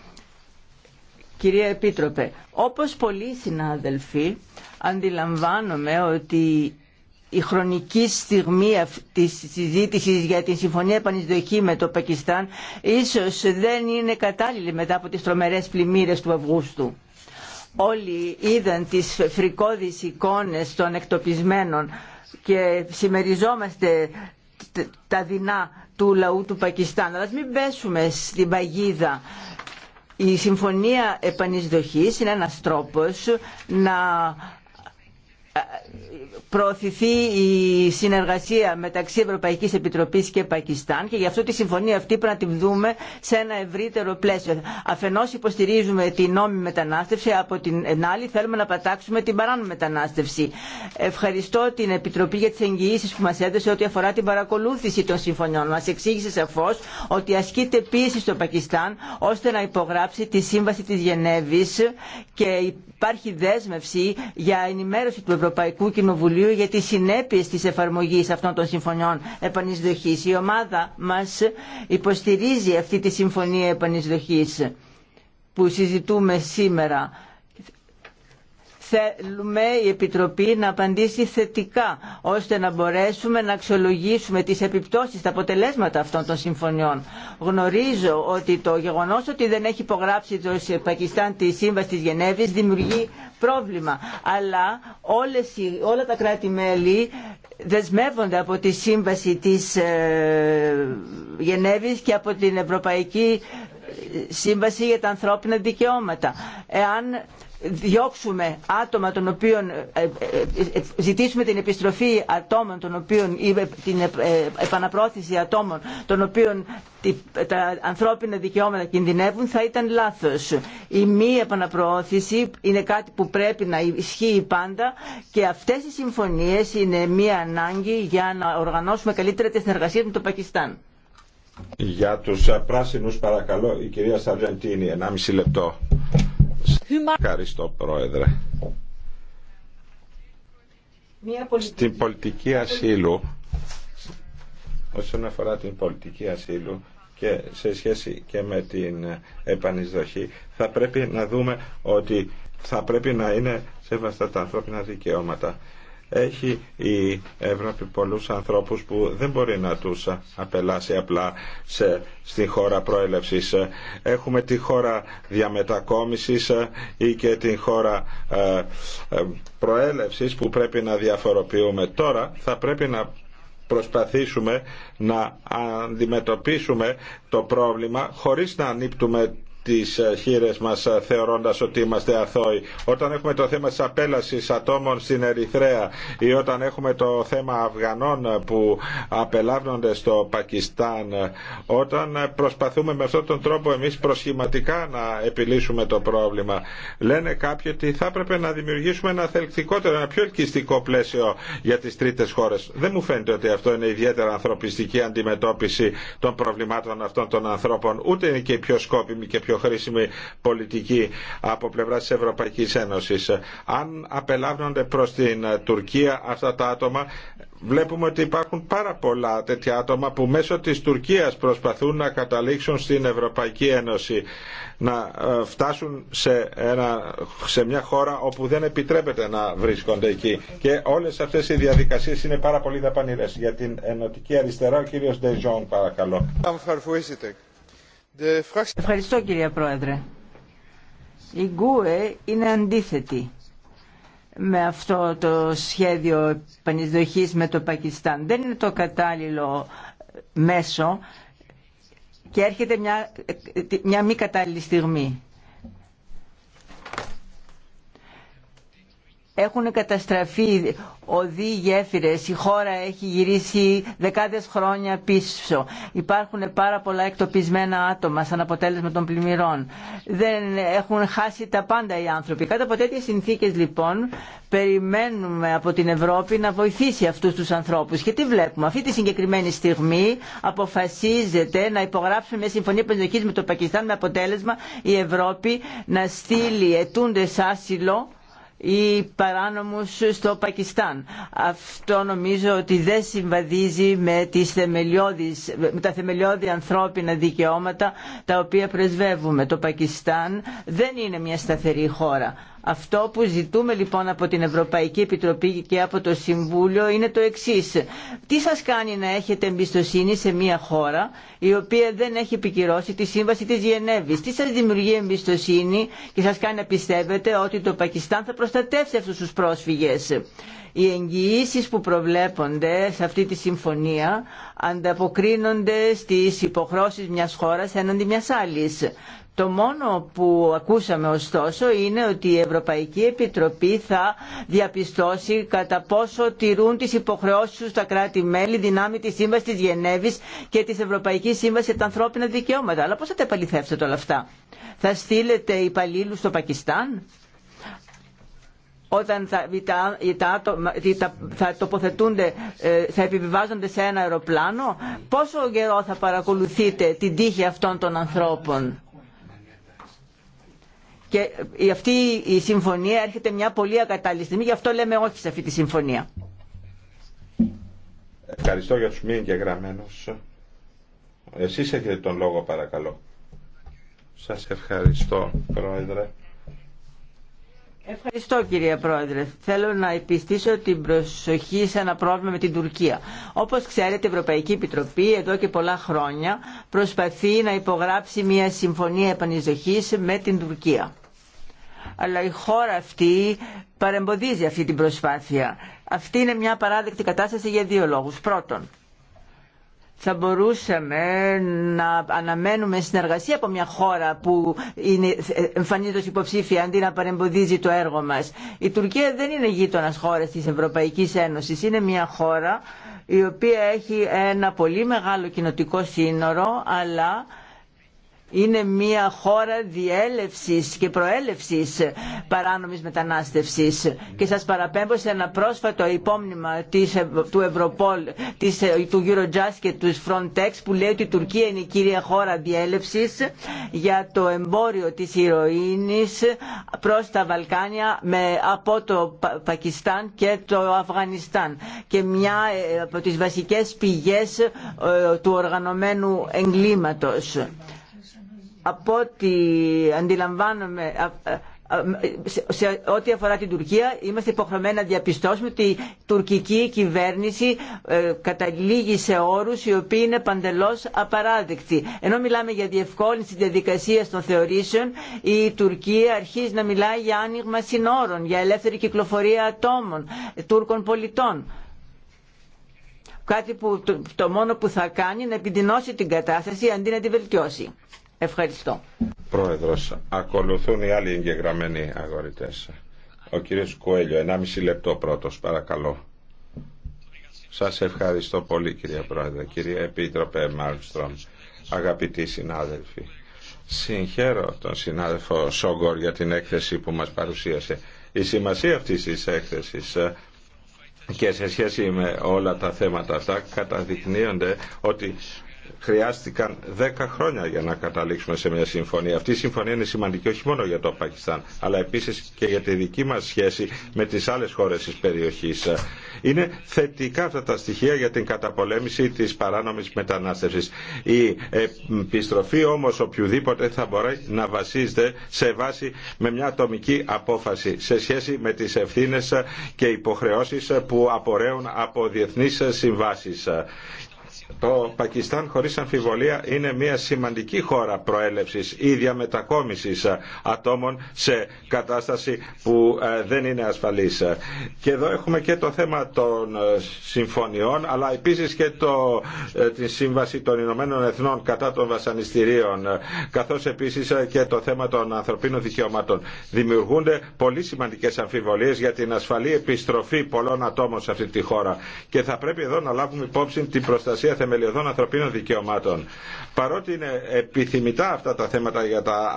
Κυρία Επίτροπε, όπως πολλοί συνάδελφοι αντιλαμβάνομαι ότι η χρονική στιγμή της συζήτησης για τη συμφωνία επανεισδοχή με το Πακιστάν ίσως δεν είναι κατάλληλη μετά από τις τρομερές πλημμύρες του Αυγούστου. Όλοι είδαν τις φρικώδεις εικόνες των εκτοπισμένων και συμμεριζόμαστε τα δεινά του λαού του Πακιστάν. Αλλά μην πέσουμε στην παγίδα η συμφωνία επανεισδοχής είναι ένας τρόπος να προωθηθεί η συνεργασία μεταξύ Ευρωπαϊκής Επιτροπής και Πακιστάν και γι' αυτό τη συμφωνία αυτή πρέπει να την δούμε σε ένα ευρύτερο πλαίσιο. Αφενός υποστηρίζουμε την νόμιμη μετανάστευση, από την άλλη θέλουμε να πατάξουμε την παράνομη μετανάστευση. Ευχαριστώ την Επιτροπή για τις εγγυήσεις που μας έδωσε ό,τι αφορά την παρακολούθηση των συμφωνιών. Μας εξήγησε σαφώ ότι ασκείται πίεση στο Πακιστάν ώστε να υπογράψει τη Σύμβαση της Γενέβης και υπάρχει δέσμευση για ενημέρωση του Ευρωπαϊκού Κοινοβουλίου για τις συνέπειες της εφαρμογής αυτών των συμφωνιών επανεισδοχής. Η ομάδα μας υποστηρίζει αυτή τη συμφωνία επανεισδοχής που συζητούμε σήμερα θέλουμε η Επιτροπή να απαντήσει θετικά ώστε να μπορέσουμε να αξιολογήσουμε τις επιπτώσεις, τα αποτελέσματα αυτών των συμφωνιών. Γνωρίζω ότι το γεγονός ότι δεν έχει υπογράψει το Πακιστάν τη Σύμβαση της Γενέβης δημιουργεί πρόβλημα. Αλλά όλες, όλα τα κράτη-μέλη δεσμεύονται από τη Σύμβαση της ε, και από την Ευρωπαϊκή ε, Σύμβαση για τα Ανθρώπινα Δικαιώματα. Εάν διώξουμε άτομα των οποίων ε, ε, ε, ζητήσουμε την επιστροφή ατόμων των οποίων ή την επαναπρόθεση ατόμων των οποίων τα ανθρώπινα δικαιώματα κινδυνεύουν θα ήταν λάθος. Η μη επαναπρόθεση είναι κάτι που πρέπει να ισχύει πάντα και αυτές οι συμφωνίες είναι μια ανάγκη για να οργανώσουμε καλύτερα τη συνεργασία με το Πακιστάν. Για τους πράσινους παρακαλώ η κυρία Σαρζεντίνη 1,5 λεπτό. Ευχαριστώ Πρόεδρε. Μια πολιτική. Στην πολιτική ασύλου, όσον αφορά την πολιτική ασύλου και σε σχέση και με την επανεισδοχή, θα πρέπει να δούμε ότι θα πρέπει να είναι σεβαστά τα ανθρώπινα δικαιώματα έχει η Ευρώπη πολλούς ανθρώπους που δεν μπορεί να τους απελάσει απλά σε, στη χώρα προέλευσης. Έχουμε τη χώρα διαμετακόμισης ή και τη χώρα ε, ε, προέλευσης που πρέπει να διαφοροποιούμε. Τώρα θα πρέπει να προσπαθήσουμε να αντιμετωπίσουμε το πρόβλημα χωρίς να ανύπτουμε τις ε, χείρες μας ε, θεωρώντας ότι είμαστε αθώοι. Όταν έχουμε το θέμα της απέλασης ατόμων στην Ερυθρέα ή όταν έχουμε το θέμα Αφγανών ε, που απελάβνονται στο Πακιστάν, όταν προσπαθούμε με αυτόν τον τρόπο εμείς προσχηματικά να επιλύσουμε το πρόβλημα, λένε κάποιοι ότι θα έπρεπε να δημιουργήσουμε ένα θελκτικότερο, ένα πιο ελκυστικό πλαίσιο για τις τρίτες χώρες. Δεν μου φαίνεται ότι αυτό είναι ιδιαίτερα ανθρωπιστική αντιμετώπιση των προβλημάτων αυτών των ανθρώπων, ούτε είναι και η πιο σκόπιμη και πιο χρήσιμη πολιτική από πλευρά τη Ευρωπαϊκής Ένωσης. Αν απελάβνονται προ την Τουρκία αυτά τα άτομα, βλέπουμε ότι υπάρχουν πάρα πολλά τέτοια άτομα που μέσω τη Τουρκία προσπαθούν να καταλήξουν στην Ευρωπαϊκή Ένωση να ε, φτάσουν σε, ένα, σε μια χώρα όπου δεν επιτρέπεται να βρίσκονται εκεί. Και όλες αυτέ οι διαδικασίε είναι πάρα πολύ δαπανηρέ. Για την Ενωτική Αριστερά, ο κύριο Ντεζόν, παρακαλώ. Ε, ευχαριστώ κυρία Πρόεδρε. Η Γκούε είναι αντίθετη με αυτό το σχέδιο επανεισδοχής με το Πακιστάν. Δεν είναι το κατάλληλο μέσο και έρχεται μια, μια μη κατάλληλη στιγμή. έχουν καταστραφεί οδοί γέφυρες, η χώρα έχει γυρίσει δεκάδες χρόνια πίσω. Υπάρχουν πάρα πολλά εκτοπισμένα άτομα σαν αποτέλεσμα των πλημμυρών. Δεν έχουν χάσει τα πάντα οι άνθρωποι. Κάτω από τέτοιες συνθήκες λοιπόν περιμένουμε από την Ευρώπη να βοηθήσει αυτούς τους ανθρώπους. Και τι βλέπουμε. Αυτή τη συγκεκριμένη στιγμή αποφασίζεται να υπογράψουμε μια συμφωνία πεντοκής με το Πακιστάν με αποτέλεσμα η Ευρώπη να στείλει ετούντες άσυλο ή παράνομους στο Πακιστάν. Αυτό νομίζω ότι δεν συμβαδίζει με, τις θεμελιώδεις, με τα θεμελιώδη ανθρώπινα δικαιώματα τα οποία πρεσβεύουμε. Το Πακιστάν δεν είναι μια σταθερή χώρα αυτό που ζητούμε λοιπόν από την Ευρωπαϊκή Επιτροπή και από το Συμβούλιο είναι το εξή. Τι σας κάνει να έχετε εμπιστοσύνη σε μια χώρα η οποία δεν έχει επικυρώσει τη σύμβαση της Γενέβης. Τι σας δημιουργεί εμπιστοσύνη και σας κάνει να πιστεύετε ότι το Πακιστάν θα προστατεύσει αυτούς τους πρόσφυγες. Οι εγγυήσει που προβλέπονται σε αυτή τη συμφωνία ανταποκρίνονται στις υποχρώσεις μιας χώρας έναντι μιας άλλης. Το μόνο που ακούσαμε ωστόσο είναι ότι η Ευρωπαϊκή Επιτροπή θα διαπιστώσει κατά πόσο τηρούν τις υποχρεώσεις τους τα κράτη-μέλη δυνάμει της Σύμβασης της Γενέβης και της Ευρωπαϊκής Σύμβασης για τα ανθρώπινα δικαιώματα. Αλλά πώς θα τα επαληθεύσετε όλα αυτά. Θα στείλετε υπαλλήλου στο Πακιστάν όταν θα, τα, τα, θα τοποθετούνται, ε, θα επιβιβάζονται σε ένα αεροπλάνο, πόσο καιρό θα παρακολουθείτε την τύχη αυτών των ανθρώπων. Και αυτή η συμφωνία έρχεται μια πολύ ακατάλληλη στιγμή, γι' αυτό λέμε όχι σε αυτή τη συμφωνία. Ευχαριστώ για τους μη εγγεγραμμένους. Εσείς έχετε τον λόγο παρακαλώ. Σας ευχαριστώ Πρόεδρε. Ευχαριστώ κύριε Πρόεδρε. Θέλω να επιστήσω την προσοχή σε ένα πρόβλημα με την Τουρκία. Όπως ξέρετε η Ευρωπαϊκή Επιτροπή εδώ και πολλά χρόνια προσπαθεί να υπογράψει μια συμφωνία επανειδοχής με την Τουρκία. Αλλά η χώρα αυτή παρεμποδίζει αυτή την προσπάθεια. Αυτή είναι μια παράδεκτη κατάσταση για δύο λόγους. Πρώτον, θα μπορούσαμε να αναμένουμε συνεργασία από μια χώρα που είναι, εμφανίζεται υποψήφια αντί να παρεμποδίζει το έργο μας. Η Τουρκία δεν είναι γείτονα χώρα της Ευρωπαϊκής Ένωσης. Είναι μια χώρα η οποία έχει ένα πολύ μεγάλο κοινοτικό σύνορο αλλά είναι μια χώρα διέλευσης και προέλευσης παράνομης μετανάστευσης και σας παραπέμπω σε ένα πρόσφατο υπόμνημα της, του Ευρωπόλ, της, του Eurojust και του Frontex που λέει ότι η Τουρκία είναι η κύρια χώρα διέλευσης για το εμπόριο της ηρωίνης προς τα Βαλκάνια με, από το Πακιστάν και το Αφγανιστάν και μια ε, από τις βασικές πηγές ε, του οργανωμένου εγκλήματος από ό,τι αντιλαμβάνομαι σε ό,τι αφορά την Τουρκία είμαστε υποχρεωμένοι να διαπιστώσουμε ότι η τουρκική κυβέρνηση ε, καταλήγει σε όρους οι οποίοι είναι παντελώς απαράδεκτοι. Ενώ μιλάμε για διευκόλυνση διαδικασία των θεωρήσεων η Τουρκία αρχίζει να μιλάει για άνοιγμα συνόρων, για ελεύθερη κυκλοφορία ατόμων, Τούρκων πολιτών κάτι που το, μόνο που θα κάνει είναι να επιδεινώσει την κατάσταση αντί να τη βελτιώσει. Ευχαριστώ. Πρόεδρος, ακολουθούν οι άλλοι εγγεγραμμένοι αγορητές. Ο κύριος Κουέλιο, 1,5 λεπτό πρώτος, παρακαλώ. Σας ευχαριστώ πολύ κύριε Πρόεδρε, κύριε Επίτροπε Μάρκστρομ, αγαπητοί συνάδελφοι. Συγχαίρω τον συνάδελφο Σόγκορ για την έκθεση που μας παρουσίασε. Η σημασία αυτής της έκθεσης ε, και σε σχέση με όλα τα θέματα αυτά καταδεικνύονται ότι χρειάστηκαν 10 χρόνια για να καταλήξουμε σε μια συμφωνία. Αυτή η συμφωνία είναι σημαντική όχι μόνο για το Πακιστάν, αλλά επίση και για τη δική μα σχέση με τι άλλε χώρε τη περιοχή. Είναι θετικά αυτά τα στοιχεία για την καταπολέμηση τη παράνομη μετανάστευση. Η επιστροφή όμω οποιοδήποτε θα μπορεί να βασίζεται σε βάση με μια ατομική απόφαση σε σχέση με τι ευθύνε και υποχρεώσει που απορρέουν από διεθνεί συμβάσει. Το Πακιστάν χωρίς αμφιβολία είναι μια σημαντική χώρα προέλευσης ή διαμετακόμισης ατόμων σε κατάσταση που ε, δεν είναι ασφαλής. Και εδώ έχουμε και το θέμα των ε, συμφωνιών αλλά επίσης και το, ε, τη Σύμβαση των Ηνωμένων Εθνών κατά των βασανιστήριων καθώς επίσης και το θέμα των ανθρωπίνων δικαιωμάτων. Δημιουργούνται πολύ σημαντικές αμφιβολίες για την ασφαλή επιστροφή πολλών ατόμων σε αυτή τη χώρα και θα πρέπει εδώ να λάβουμε υπόψη την προστασία θεμελιωδών ανθρωπίνων δικαιωμάτων. Παρότι είναι επιθυμητά αυτά τα θέματα για τα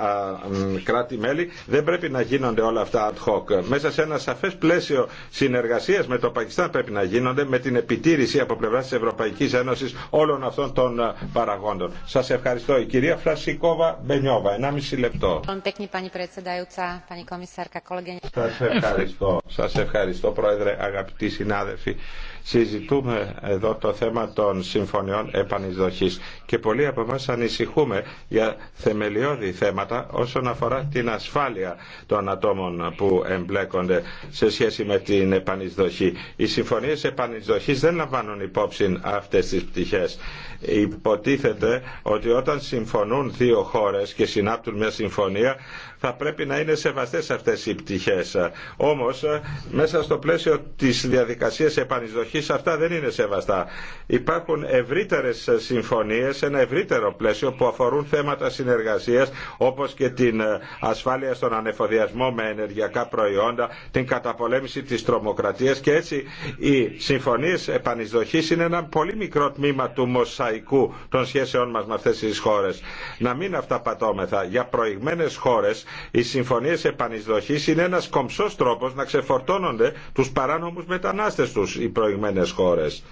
κράτη-μέλη, δεν πρέπει να γίνονται όλα αυτά ad hoc. Μέσα σε ένα σαφέ πλαίσιο συνεργασία με το Πακιστάν πρέπει να γίνονται με την επιτήρηση από πλευρά τη Ευρωπαϊκή Ένωση όλων αυτών των παραγόντων. Σα ευχαριστώ. Η κυρία Φρασικόβα Μπενιόβα, 1,5 λεπτό. Σα ευχαριστώ. Σα ευχαριστώ, Πρόεδρε, αγαπητοί συνάδελφοι. Συζητούμε εδώ το θέμα των συμφωνιών επανεισδοχής και πολλοί από εμάς ανησυχούμε για θεμελιώδη θέματα όσον αφορά την ασφάλεια των ατόμων που εμπλέκονται σε σχέση με την επανεισδοχή. Οι συμφωνίες επανεισδοχής δεν λαμβάνουν υπόψη αυτές τις πτυχές. Υποτίθεται ότι όταν συμφωνούν δύο χώρες και συνάπτουν μια συμφωνία θα πρέπει να είναι σεβαστές αυτές οι πτυχές. Όμως μέσα στο πλαίσιο της διαδικασίας επανεισδοχής αυτά δεν είναι σεβαστά. Υπάρχουν ευρύτερες συμφωνίες, ένα ευρύτερο πλαίσιο που αφορούν θέματα συνεργασίας όπως και την ασφάλεια στον ανεφοδιασμό με ενεργειακά προϊόντα, την καταπολέμηση της τρομοκρατίας και έτσι οι συμφωνίες επανεισδοχής είναι ένα πολύ μικρό τμήμα του μοσαϊκού των σχέσεών μας με αυτές τις χώρες. Να μην αυτά Για προηγμένες χώρες οι συμφωνίες επανεισδοχής είναι ένας κομψός τρόπος να ξεφορτώνονται τους παράνομους μετανάστες τους οι προηγμένες χώρες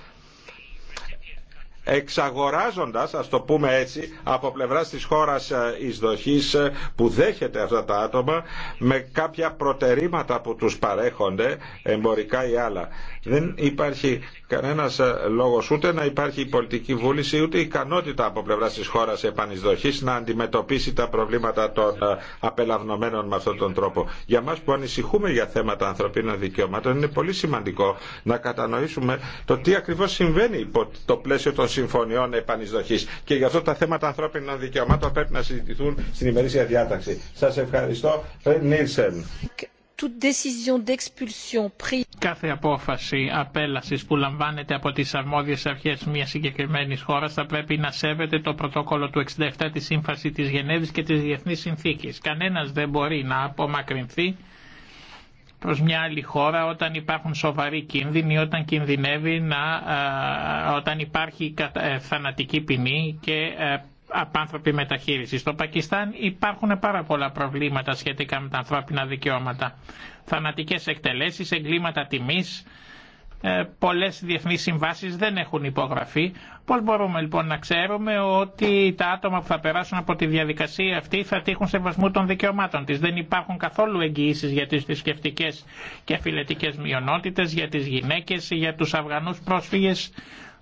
εξαγοράζοντας, ας το πούμε έτσι, από πλευρά της χώρας ε, εισδοχής ε, που δέχεται αυτά τα άτομα με κάποια προτερήματα που τους παρέχονται, εμπορικά ή άλλα. Δεν υπάρχει κανένα ε, λόγος ούτε να υπάρχει η πολιτική βούληση ούτε η ικανότητα από πλευρά της χώρας επανεισδοχής να αντιμετωπίσει τα προβλήματα των ε, απελαυνομένων με αυτόν τον τρόπο. Για μας που ανησυχούμε για θέματα ανθρωπίνων δικαιωμάτων είναι πολύ σημαντικό να κατανοήσουμε το τι ακριβώς συμβαίνει υπό το πλαίσιο των συμφωνιών επανεισδοχής και γι' αυτό τα θέματα ανθρώπινων δικαιωμάτων πρέπει να συζητηθούν στην ημερήσια διάταξη. Σας ευχαριστώ. Νίλσεν. Κάθε απόφαση απέλαση που λαμβάνεται από τις αρμόδιες αρχές μια συγκεκριμένη χώρας θα πρέπει να σέβεται το πρωτόκολλο του 67 τη σύμφαση τη Γενέβης και της διεθνή Συνθήκης. Κανένας δεν μπορεί να απομακρυνθεί προς μια άλλη χώρα όταν υπάρχουν σοβαροί κίνδυνοι, όταν κινδυνεύει να, όταν υπάρχει ε, θανατική ποινή και ε, απάνθρωπη μεταχείριση. Στο Πακιστάν υπάρχουν πάρα πολλά προβλήματα σχετικά με τα ανθρώπινα δικαιώματα. Θανατικές εκτελέσεις, εγκλήματα τιμής, ε, πολλές διεθνείς συμβάσεις δεν έχουν υπογραφεί. Πώς μπορούμε λοιπόν να ξέρουμε ότι τα άτομα που θα περάσουν από τη διαδικασία αυτή θα τύχουν σεβασμού των δικαιωμάτων της. Δεν υπάρχουν καθόλου εγγυήσεις για τις θρησκευτικέ και αφιλετικές μειονότητες, για τις γυναίκες, για τους Αυγανούς πρόσφυγες.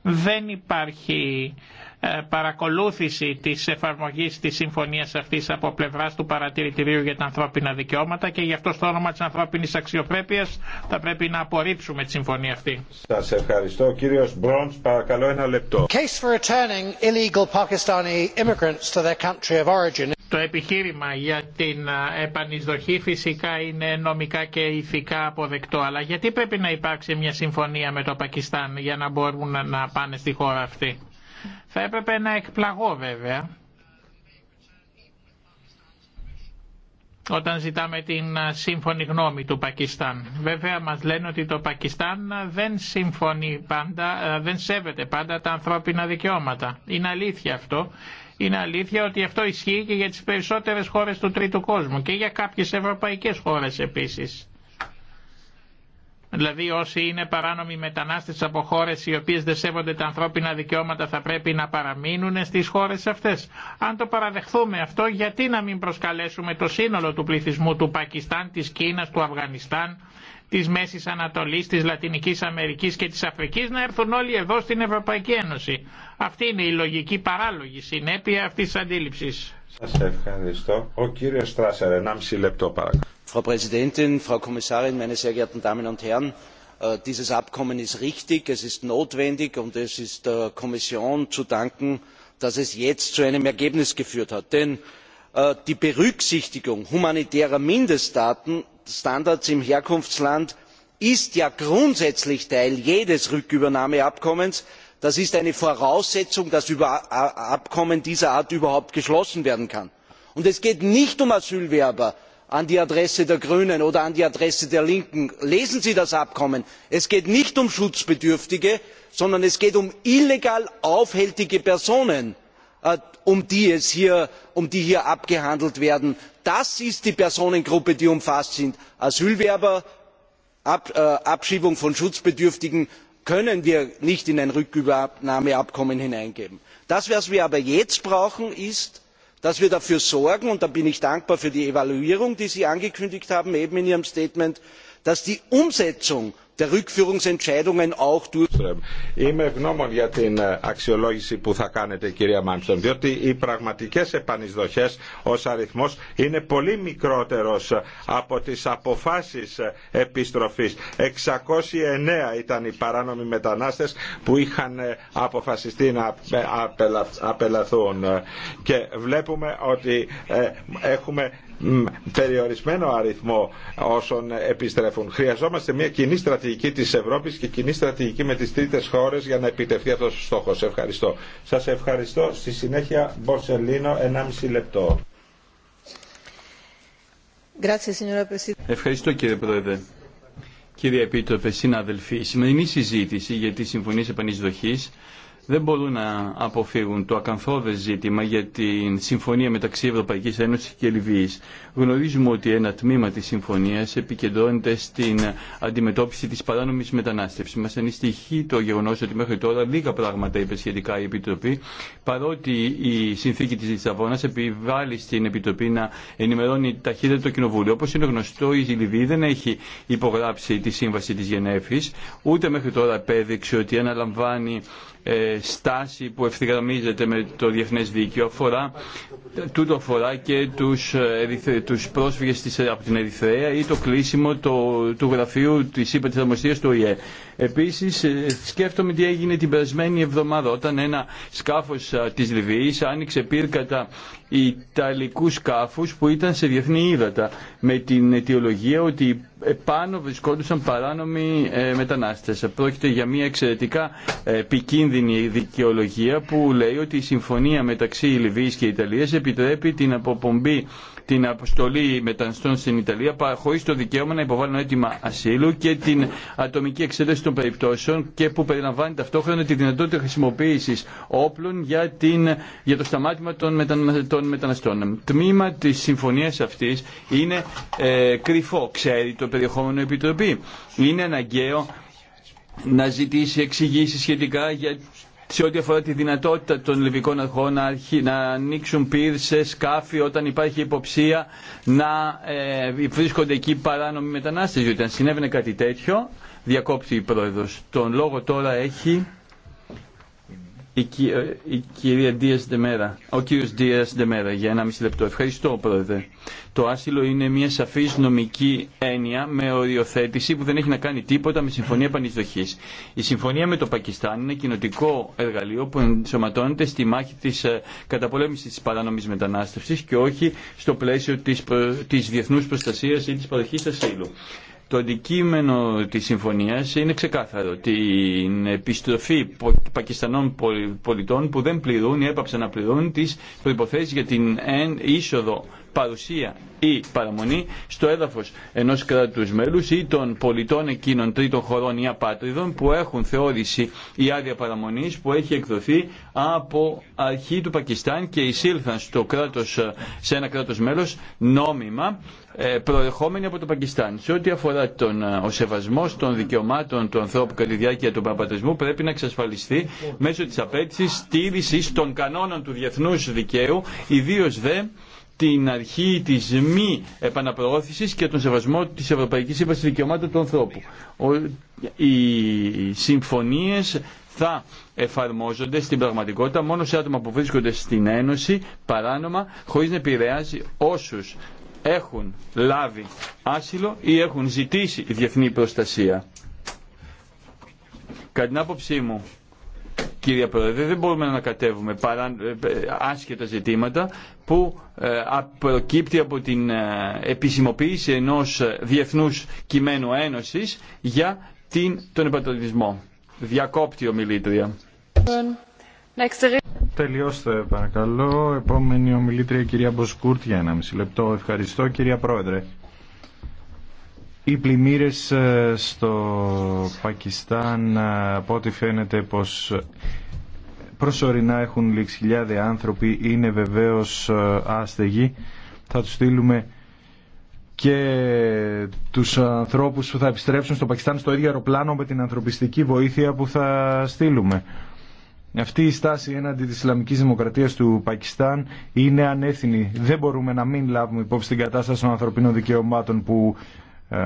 Δεν υπάρχει ε, παρακολούθηση της εφαρμογής της συμφωνίας αυτής από πλευράς του Παρατηρητηρίου για τα ανθρώπινα δικαιώματα και γι' αυτό στο όνομα της ανθρώπινης αξιοπρέπειας θα πρέπει να απορρίψουμε τη συμφωνία αυτή. Σας ευχαριστώ. Κύριος Μπρόντς, παρακαλώ ένα λεπτό. Το επιχείρημα για την ε, επανεισδοχή φυσικά είναι νομικά και ηθικά αποδεκτό, αλλά γιατί πρέπει να υπάρξει μια συμφωνία με το Πακιστάν για να μπορούν να πάνε στη χώρα αυτή. Θα έπρεπε να εκπλαγώ βέβαια όταν ζητάμε την ε, σύμφωνη γνώμη του Πακιστάν. Βέβαια μας λένε ότι το Πακιστάν ε, δεν συμφωνεί πάντα, ε, δεν σέβεται πάντα τα ανθρώπινα δικαιώματα. Είναι αλήθεια αυτό. Είναι αλήθεια ότι αυτό ισχύει και για τις περισσότερες χώρες του τρίτου κόσμου και για κάποιες ευρωπαϊκές χώρες επίσης. Δηλαδή όσοι είναι παράνομοι μετανάστες από χώρες οι οποίες δεν σέβονται τα ανθρώπινα δικαιώματα θα πρέπει να παραμείνουν στις χώρες αυτές. Αν το παραδεχθούμε αυτό γιατί να μην προσκαλέσουμε το σύνολο του πληθυσμού του Πακιστάν, της Κίνας, του Αφγανιστάν, της Μέσης Ανατολής, της Λατινικής Αμερικής και της Αφρικής να έρθουν όλοι εδώ στην Ευρωπαϊκή Ένωση. Αυτή είναι η λογική παράλογη συνέπεια αυτής της αντίληψης. Σας ευχαριστώ. Ο κύριος Στράσερ, 1,5 λεπτό παρακαλώ frau präsidentin frau kommissarin meine sehr geehrten damen und herren! dieses abkommen ist richtig es ist notwendig und es ist der kommission zu danken dass es jetzt zu einem ergebnis geführt hat. denn die berücksichtigung humanitärer mindeststandards im herkunftsland ist ja grundsätzlich teil jedes rückübernahmeabkommens. das ist eine voraussetzung dass über abkommen dieser art überhaupt geschlossen werden kann. und es geht nicht um Asylwerber an die adresse der grünen oder an die adresse der linken lesen sie das abkommen es geht nicht um schutzbedürftige sondern es geht um illegal aufhältige personen um die hier abgehandelt werden. das ist die personengruppe die umfasst ist. asylwerber abschiebung von schutzbedürftigen können wir nicht in ein rückübernahmeabkommen hineingeben. das was wir aber jetzt brauchen dass wir dafür sorgen und da bin ich dankbar für die evaluierung die sie angekündigt haben eben in ihrem statement dass die umsetzung der Rückführungsentscheidungen auch Είμαι ευγνώμων για την ε, αξιολόγηση που θα κάνετε κυρία Μάμστον, διότι οι πραγματικές επανεισδοχές ως αριθμός είναι πολύ μικρότερος ε, από τις αποφάσεις ε, επιστροφής. 609 ήταν οι παράνομοι μετανάστες που είχαν αποφασιστεί να απελαθούν και βλέπουμε ότι έχουμε περιορισμένο αριθμό όσων επιστρέφουν. Χρειαζόμαστε μια κοινή στρατηγική στρατηγική της Ευρώπης και κοινή στρατηγική με τις τρίτες χώρες για να επιτευχθεί αυτός ο στόχος. Ευχαριστώ. Σας ευχαριστώ. Στη συνέχεια Μπορσελίνο, 1,5 λεπτό. Ευχαριστώ κύριε Πρόεδρε. Κύριε Επίτροπε, συνάδελφοι, η σημερινή συζήτηση για τη Συμφωνία Επανεισδοχής δεν μπορούν να αποφύγουν το ακαθόδε ζήτημα για την συμφωνία μεταξύ Ευρωπαϊκής Ένωσης και Λιβύης. Γνωρίζουμε ότι ένα τμήμα της συμφωνίας επικεντρώνεται στην αντιμετώπιση της παράνομης μετανάστευσης. Μας ανησυχεί το γεγονός ότι μέχρι τώρα λίγα πράγματα είπε σχετικά η Επιτροπή, παρότι η συνθήκη της Λισαβόνας επιβάλλει στην Επιτροπή να ενημερώνει ταχύτερα το Κοινοβούλιο. Όπως είναι γνωστό, η Λιβύη δεν έχει υπογράψει τη Σύμβαση της Γενέφης, ούτε μέχρι τώρα επέδειξε ότι αναλαμβάνει ε, στάση που ευθυγραμμίζεται με το διεθνές δίκαιο αφορά, τούτο αφορά και τους, ε, τους πρόσφυγες της, από την Ερυθρέα ή το κλείσιμο του γραφείου της ΥΠΑ της του ΟΗΕ. Επίσης ε, σκέφτομαι τι έγινε την περασμένη εβδομάδα όταν ένα σκάφος της Λιβύης άνοιξε πύρκατα Ιταλικού σκάφους που ήταν σε διεθνή ύδατα με την αιτιολογία ότι επάνω βρισκόντουσαν παράνομοι ε, μετανάστες. Πρόκειται για μια εξαιρετικά ε, επικίνδυνη δικαιολογία που λέει ότι η συμφωνία μεταξύ Λιβύης και Ιταλίας επιτρέπει την αποπομπή την αποστολή μεταναστών στην Ιταλία χωρί το δικαίωμα να υποβάλουν έτοιμα ασύλου και την ατομική εξέταση των περιπτώσεων και που περιλαμβάνει ταυτόχρονα τη δυνατότητα χρησιμοποίηση όπλων για, την, για το σταμάτημα των, των μεταναστών. Τμήμα της συμφωνίας αυτής είναι ε, κρυφό, ξέρει το περιεχόμενο επιτροπή. Είναι αναγκαίο να ζητήσει εξηγήσει σχετικά για σε ό,τι αφορά τη δυνατότητα των λιβικών αρχών να, να ανοίξουν πύρσες, σκάφη όταν υπάρχει υποψία να ε, βρίσκονται εκεί παράνομοι μετανάστες. Διότι αν συνέβαινε κάτι τέτοιο, διακόπτει η πρόεδρος. Τον λόγο τώρα έχει... Η, ε, η κυρία Δίας Δεμέρα, ο κύριος Δίας Δεμέρα για ένα μισή λεπτό. Ευχαριστώ πρόεδρε. Το άσυλο είναι μια σαφής νομική έννοια με οριοθέτηση που δεν έχει να κάνει τίποτα με συμφωνία πανεισδοχής. Η συμφωνία με το Πακιστάν είναι κοινοτικό εργαλείο που ενσωματώνεται στη μάχη της ε, καταπολέμησης της παράνομης μετανάστευσης και όχι στο πλαίσιο της, προ... της διεθνούς προστασίας ή της παροχής ασύλου. Το αντικείμενο της συμφωνίας είναι ξεκάθαρο. Την επιστροφή Πακιστανών πολιτών που δεν πληρούν ή έπαψαν να πληρούν τις προϋποθέσεις για την είσοδο παρουσία ή παραμονή στο εδαφο ενο κρατου μέλους ή των πολιτών εκείνων τρίτων χωρών ή απάτριδων που έχουν θεώρηση ή άδεια παραμονη που έχει εκδοθεί από αρχή του Πακιστάν και εισήλθαν στο κράτος, σε ένα κράτο μέλο, νόμιμα ε, προερχόμενοι από το Πακιστάν. Σε ό,τι αφορά τον, ε, ο σεβασμό των δικαιωμάτων του ανθρώπου κατά τη διάρκεια του παπατισμού, πρέπει να εξασφαλιστεί μέσω τη απέτηση στήριξη των κανόνων του διεθνού δικαίου, ιδίω δε την αρχή της μη επαναπροώθησης και τον σεβασμό της Ευρωπαϊκής Σύμβασης Δικαιωμάτων του Ανθρώπου. Οι συμφωνίες θα εφαρμόζονται στην πραγματικότητα μόνο σε άτομα που βρίσκονται στην Ένωση παράνομα χωρίς να επηρεάζει όσους έχουν λάβει άσυλο ή έχουν ζητήσει διεθνή προστασία. Κατά την άποψή μου, κύριε Πρόεδρε, δεν μπορούμε να ανακατεύουμε παρά, ε, άσχετα ζητήματα που ε, προκύπτει από την ε, επισημοποίηση ενός διεθνούς κειμένου ένωσης για τον επανατολισμό. Διακόπτει ομιλήτρια. Τελειώστε παρακαλώ. Επόμενη ομιλήτρια η κυρία Μποσκούρτ για ένα μισή λεπτό. Ευχαριστώ κυρία Πρόεδρε. Οι πλημμύρες ε, στο Πακιστάν, ε, από ό,τι φαίνεται πως προσωρινά έχουν λήξει χιλιάδες άνθρωποι, είναι βεβαίως ε, άστεγοι. Θα τους στείλουμε και τους ανθρώπους που θα επιστρέψουν στο Πακιστάν στο ίδιο αεροπλάνο με την ανθρωπιστική βοήθεια που θα στείλουμε. Αυτή η στάση έναντι της Ισλαμικής Δημοκρατίας του Πακιστάν είναι ανεύθυνη. Δεν μπορούμε να μην λάβουμε υπόψη την κατάσταση των ανθρωπίνων δικαιωμάτων που ε,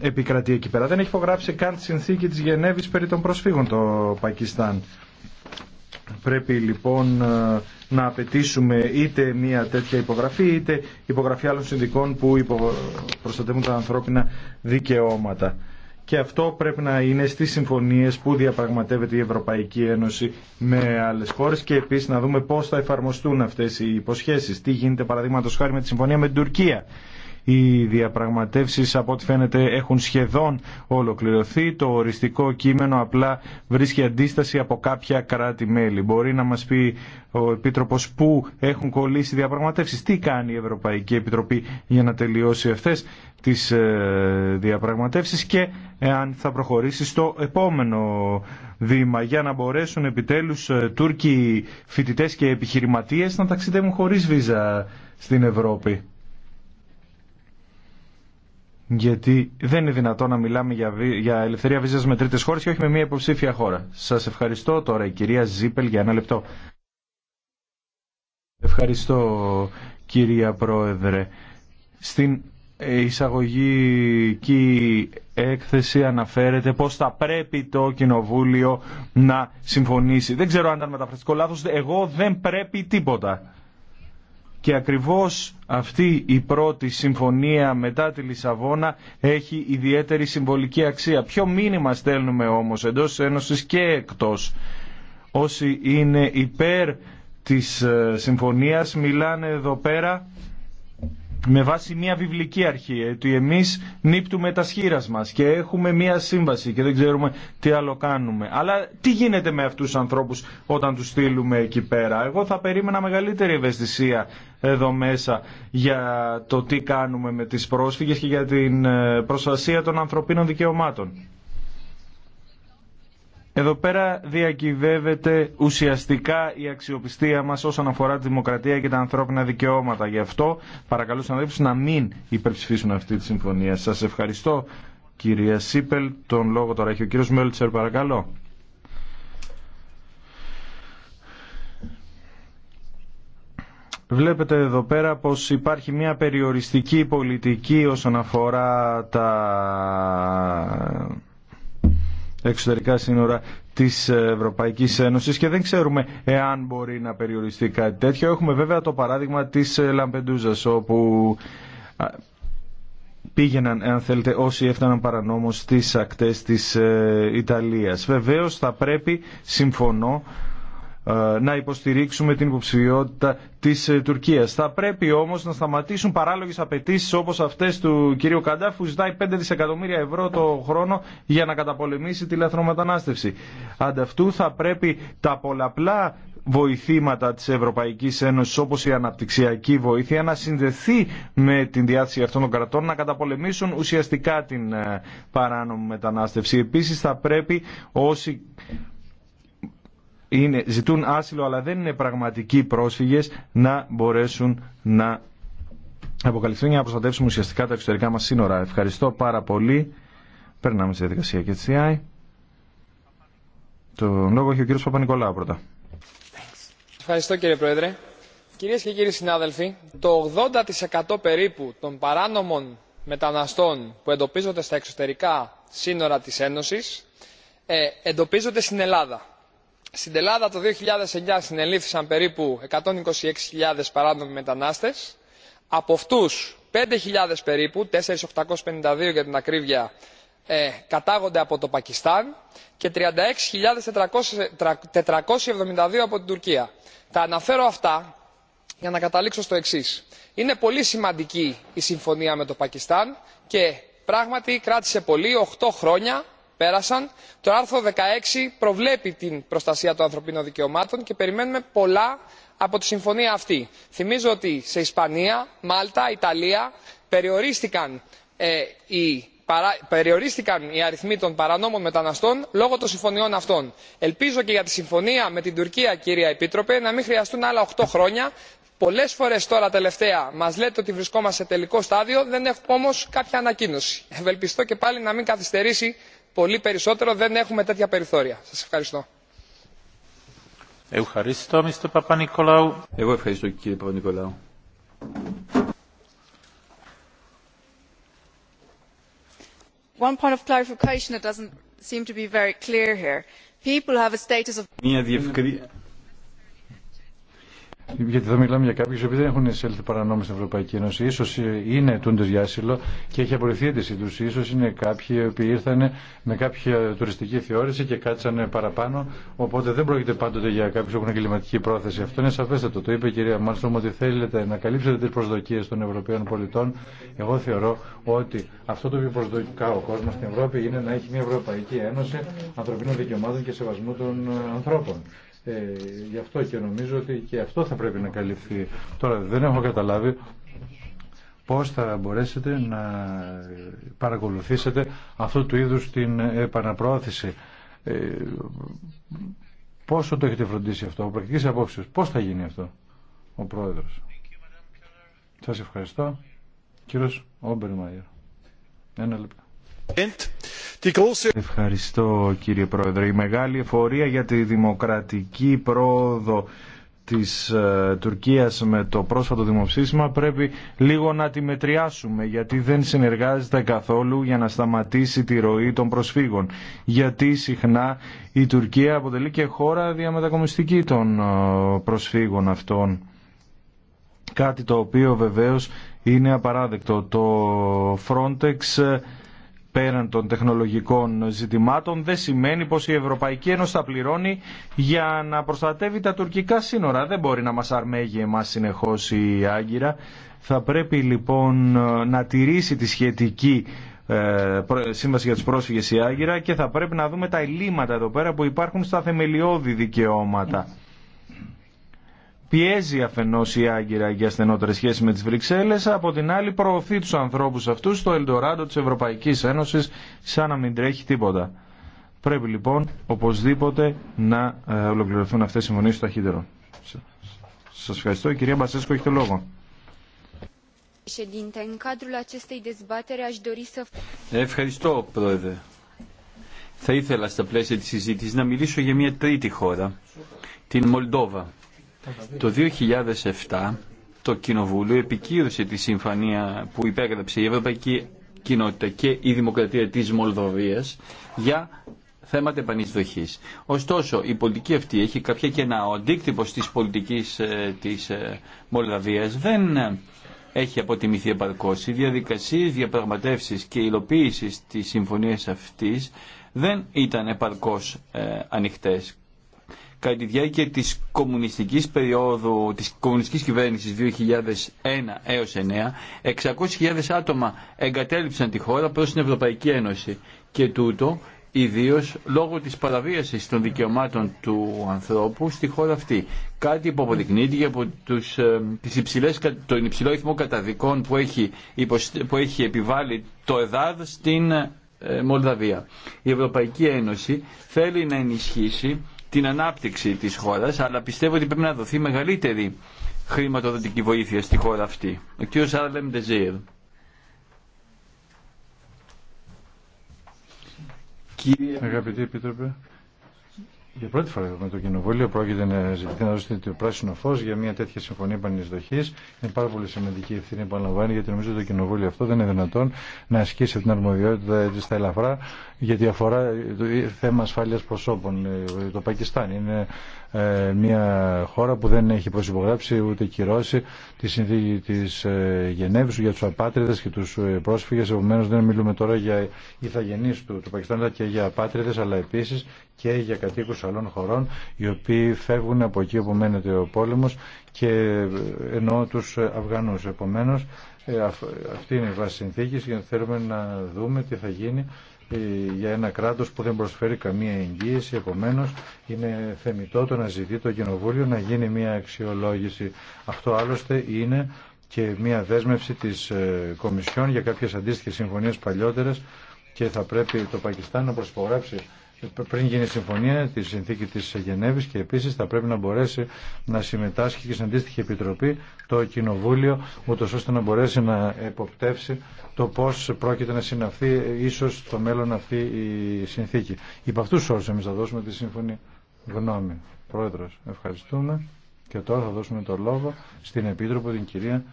επικρατεί εκεί πέρα. Δεν έχει υπογράψει καν τη συνθήκη της Γενέβης περί των προσφύγων το Πακιστάν. Πρέπει λοιπόν ε, να απαιτήσουμε είτε μια τέτοια υπογραφή είτε υπογραφή άλλων συνδικών που προστατεύουν τα ανθρώπινα δικαιώματα. Και αυτό πρέπει να είναι στις συμφωνίες που διαπραγματεύεται η Ευρωπαϊκή Ένωση με άλλες χώρες και επίσης να δούμε πώς θα εφαρμοστούν αυτές οι υποσχέσεις. Τι γίνεται παραδείγματος χάρη με τη συμφωνία με την Τουρκία οι διαπραγματεύσεις από ό,τι φαίνεται έχουν σχεδόν ολοκληρωθεί. Το οριστικό κείμενο απλά βρίσκει αντίσταση από κάποια κράτη-μέλη. Μπορεί να μας πει ο Επίτροπος πού έχουν κολλήσει οι διαπραγματεύσεις. Τι κάνει η Ευρωπαϊκή Επιτροπή για να τελειώσει αυτές τις ε, διαπραγματεύσεις και αν θα προχωρήσει στο επόμενο βήμα για να μπορέσουν επιτέλους ε, Τούρκοι φοιτητές και επιχειρηματίες να ταξιδεύουν χωρίς βίζα στην Ευρώπη γιατί δεν είναι δυνατόν να μιλάμε για, για ελευθερία βίζα με τρίτες χώρε και όχι με μια υποψήφια χώρα. Σας ευχαριστώ τώρα η κυρία Ζίπελ για ένα λεπτό. Ευχαριστώ κυρία Πρόεδρε. Στην εισαγωγική έκθεση αναφέρεται πως θα πρέπει το Κοινοβούλιο να συμφωνήσει. Δεν ξέρω αν ήταν μεταφραστικό λάθος, εγώ δεν πρέπει τίποτα. Και ακριβώς αυτή η πρώτη συμφωνία μετά τη Λισαβόνα έχει ιδιαίτερη συμβολική αξία. Ποιο μήνυμα στέλνουμε όμως εντός της Ένωσης και εκτός. Όσοι είναι υπέρ της ε, συμφωνίας μιλάνε εδώ πέρα με βάση μια βιβλική αρχή, ε, ότι εμείς νύπτουμε τα σχήρας μας και έχουμε μια σύμβαση και δεν ξέρουμε τι άλλο κάνουμε. Αλλά τι γίνεται με αυτούς τους ανθρώπους όταν τους στείλουμε εκεί πέρα. Εγώ θα περίμενα μεγαλύτερη ευαισθησία εδώ μέσα για το τι κάνουμε με τις πρόσφυγες και για την ε, προστασία των ανθρωπίνων δικαιωμάτων. Εδώ πέρα διακυβεύεται ουσιαστικά η αξιοπιστία μας όσον αφορά τη δημοκρατία και τα ανθρώπινα δικαιώματα. Γι' αυτό παρακαλώ συναδέλφους να μην υπερψηφίσουν αυτή τη συμφωνία. Σας ευχαριστώ κυρία Σίπελ. Τον λόγο τώρα έχει ο κύριος Μέλτσερ παρακαλώ. Βλέπετε εδώ πέρα πως υπάρχει μια περιοριστική πολιτική όσον αφορά τα εξωτερικά σύνορα της Ευρωπαϊκής Ένωσης και δεν ξέρουμε εάν μπορεί να περιοριστεί κάτι τέτοιο. Έχουμε βέβαια το παράδειγμα της Λαμπεντούζας όπου πήγαιναν, αν θέλετε, όσοι έφταναν παρανόμως στις ακτές της ε, Ιταλίας. Βεβαίως θα πρέπει, συμφωνώ, ε, να υποστηρίξουμε την υποψηφιότητα της ε, Τουρκίας. Θα πρέπει όμως να σταματήσουν παράλογες απαιτήσει όπως αυτές του κ. Καντάφου που ζητάει 5 δισεκατομμύρια ευρώ το χρόνο για να καταπολεμήσει τη λαθρομετανάστευση. Ανταυτού θα πρέπει τα πολλαπλά βοηθήματα της Ευρωπαϊκής Ένωσης όπως η αναπτυξιακή βοήθεια να συνδεθεί με την διάθεση αυτών των κρατών να καταπολεμήσουν ουσιαστικά την ε, παράνομη μετανάστευση. Επίσης θα πρέπει όσοι είναι, ζητούν άσυλο αλλά δεν είναι πραγματικοί πρόσφυγες να μπορέσουν να αποκαλυφθούν για να προστατεύσουμε ουσιαστικά τα εξωτερικά μας σύνορα. Ευχαριστώ πάρα πολύ. Περνάμε στη διαδικασία και τη Το λόγο έχει ο κύριος Παπα-Νικολάου πρώτα. Ευχαριστώ κύριε Πρόεδρε. Κυρίες και κύριοι συνάδελφοι, το 80% περίπου των παράνομων μεταναστών που εντοπίζονται στα εξωτερικά σύνορα της Ένωσης ε, εντοπίζονται στην Ελλάδα στην ελλάδα το 2009 συνελήφθησαν περίπου 126.000 παράνομοι μετανάστες από αυτούς 5.000 περίπου 4.852 για την ακρίβεια ε, κατάγονται από το Πακιστάν και 36.472 από την Τουρκία. Τα αναφέρω αυτά για να καταλήξω στο εξής. Είναι πολύ σημαντική η συμφωνία με το Πακιστάν και πράγματι κράτησε πολύ, 8 χρόνια πέρασαν το άρθρο δεκαέξι προβλέπει την προστασία των ανθρωπίνων δικαιωμάτων και περιμένουμε πολλά από τη συμφωνία αυτή. θυμίζω ότι σε ισπανία μάλτα ιταλία περιορίστηκαν ε, οι αριθμοί των παρανόμων μεταναστών λόγω των συμφωνιών αυτών. ελπίζω και για τη συμφωνία με την τουρκία κυρία επίτροπε να μην χρειαστούν άλλα οχτώ χρόνια. πολλέ φορέ τώρα τελευταία μα λέτε ότι βρισκόμαστε σε τελικό στάδιο δεν έχουμε όμω κάποια ανακοίνωση. ευελπιστώ και πάλι να μην καθυστερήσει πολύ περισσότερο δεν έχουμε τέτοια περιθώρια. Σας ευχαριστώ. Ευχαριστώ, Mr. Παπα-Νικολάου. Εγώ ευχαριστώ, κύριε Παπα-Νικολάου. One point of clarification that doesn't seem to be very clear here. People have a status of... Μια διευκρίνηση γιατί θα μιλάμε για κάποιου που δεν έχουν εισέλθει παρανόμω στην Ευρωπαϊκή Ένωση. σω είναι τούντε για άσυλο και έχει απορριφθεί αίτησή του. σω είναι κάποιοι που ήρθαν με κάποια τουριστική θεώρηση και κάτσανε παραπάνω. Οπότε δεν πρόκειται πάντοτε για κάποιου που έχουν εγκληματική πρόθεση. Αυτό είναι σαφέστατο. Το είπε η κυρία Μάλστρομ ότι θέλετε να καλύψετε τι προσδοκίε των Ευρωπαίων πολιτών. Εγώ θεωρώ ότι αυτό το οποίο προσδοκά ο κόσμο στην Ευρώπη είναι να έχει μια Ευρωπαϊκή Ένωση ανθρωπίνων δικαιωμάτων και σεβασμού των ανθρώπων. Ε, γι' αυτό και νομίζω ότι και αυτό θα πρέπει να καλυφθεί. Τώρα δεν έχω καταλάβει πώς θα μπορέσετε να παρακολουθήσετε αυτού του είδους την επαναπρόθεση. Ε, πόσο το έχετε φροντίσει αυτό, από πρακτικής απόψεως, πώς θα γίνει αυτό ο Πρόεδρος. Σας ευχαριστώ. Κύριος Όμπερ Ένα λεπτό. Ευχαριστώ κύριε Πρόεδρε. Η μεγάλη εφορία για τη δημοκρατική πρόοδο της ε, Τουρκίας με το πρόσφατο δημοψήφισμα πρέπει λίγο να τη μετριάσουμε γιατί δεν συνεργάζεται καθόλου για να σταματήσει τη ροή των προσφύγων γιατί συχνά η Τουρκία αποτελεί και χώρα διαμετακομιστική των ε, προσφύγων αυτών κάτι το οποίο βεβαίως είναι απαράδεκτο το Frontex ε, πέραν των τεχνολογικών ζητημάτων δεν σημαίνει πως η Ευρωπαϊκή Ένωση θα πληρώνει για να προστατεύει τα τουρκικά σύνορα. Δεν μπορεί να μας αρμέγει εμάς συνεχώς η Άγκυρα. Θα πρέπει λοιπόν να τηρήσει τη σχετική ε, Σύμβαση για τις πρόσφυγες η Άγκυρα και θα πρέπει να δούμε τα ελλείμματα εδώ πέρα που υπάρχουν στα θεμελιώδη δικαιώματα πιέζει αφενό η Άγκυρα για στενότερες σχέσεις με τις Βρυξέλλες, από την άλλη προωθεί του ανθρώπους αυτούς στο Ελντοράντο της Ευρωπαϊκής Ένωσης σαν να μην τρέχει τίποτα. Πρέπει λοιπόν οπωσδήποτε να ε, ολοκληρωθούν αυτές οι συμφωνίε στο ταχύτερο. Σας ευχαριστώ. Η κυρία Μπασέσκο έχει το λόγο. Ευχαριστώ, Πρόεδρε. Θα ήθελα στα πλαίσια της συζήτησης να μιλήσω για μια τρίτη χώρα, την Μολδόβα το 2007 το Κοινοβούλιο επικύρωσε τη συμφωνία που υπέγραψε η Ευρωπαϊκή Κοινότητα και η Δημοκρατία της Μολδοβίας για θέματα επανεισδοχής. Ωστόσο, η πολιτική αυτή έχει κάποια κενά. Ο αντίκτυπος της πολιτικής ε, της ε, Μολδαβίας δεν έχει αποτιμηθεί επαρκώς. Οι διαδικασίες, διαπραγματεύσεις και υλοποίηση της συμφωνίας αυτής δεν ήταν επαρκώς ε, ανοιχτές κατά τη διάρκεια της κομμουνιστικής περίοδου, της κομμουνιστικής κυβέρνησης 2001 έως 9, 600.000 άτομα εγκατέλειψαν τη χώρα προς την Ευρωπαϊκή Ένωση και τούτο ιδίω λόγω της παραβίασης των δικαιωμάτων του ανθρώπου στη χώρα αυτή. Κάτι που αποδεικνύεται από τους, ε, τις υψηλές, τον υψηλό αριθμό καταδικών που έχει, που έχει επιβάλει το ΕΔΑΔ στην ε, Μολδαβία. Η Ευρωπαϊκή Ένωση θέλει να ενισχύσει την ανάπτυξη της χώρας, αλλά πιστεύω ότι πρέπει να δοθεί μεγαλύτερη χρηματοδοτική βοήθεια στη χώρα αυτή. Ο κ. Σαραλέμ Ντεζίρ. Κύριε... Αγαπητή Επίτροπε, για πρώτη φορά με το Κοινοβούλιο πρόκειται να ζητηθεί να δώσετε το πράσινο φω για μια τέτοια συμφωνία πανεισδοχή. Είναι πάρα πολύ σημαντική ευθύνη που αναλαμβάνει γιατί νομίζω το Κοινοβούλιο αυτό δεν είναι δυνατόν να ασκήσει την αρμοδιότητα έτσι ε, στα ελαφρά γιατί αφορά το ε, θέμα ασφάλεια προσώπων. Ε, το Πακιστάν είναι ε, μια χώρα που δεν έχει προσυπογράψει ούτε κυρώσει τη συνθήκη της ε, Γενέβης για τους απάτριδες και τους ε, πρόσφυγες. Επομένως δεν μιλούμε τώρα για ηθαγενείς του, του Πακιστάν και για απάτριδες αλλά επίσης και για κατοίκους άλλων χωρών οι οποίοι φεύγουν από εκεί όπου μένεται ο πόλεμος και εννοώ τους Αφγανούς. Επομένως αυτή είναι η βάση συνθήκης και θέλουμε να δούμε τι θα γίνει ε, για ένα κράτος που δεν προσφέρει καμία εγγύηση, επομένως είναι θεμητό το να ζητεί το Κοινοβούλιο να γίνει μια αξιολόγηση. Αυτό άλλωστε είναι και μια δέσμευση της ε, Κομισιόν για κάποιες αντίστοιχες συμφωνίες παλιότερες και θα πρέπει το Πακιστάν να προσπογράψει πριν γίνει η συμφωνία τη συνθήκη της Γενέβης και επίσης θα πρέπει να μπορέσει να συμμετάσχει και στην αντίστοιχη επιτροπή το Κοινοβούλιο ούτω ώστε να μπορέσει να εποπτεύσει το πώς πρόκειται να συναυθεί ίσως στο μέλλον αυτή η συνθήκη. Υπ' αυτούς όρου εμείς θα δώσουμε τη σύμφωνη γνώμη. Πρόεδρος, ευχαριστούμε και τώρα θα δώσουμε το λόγο στην Επίτροπο την κυρία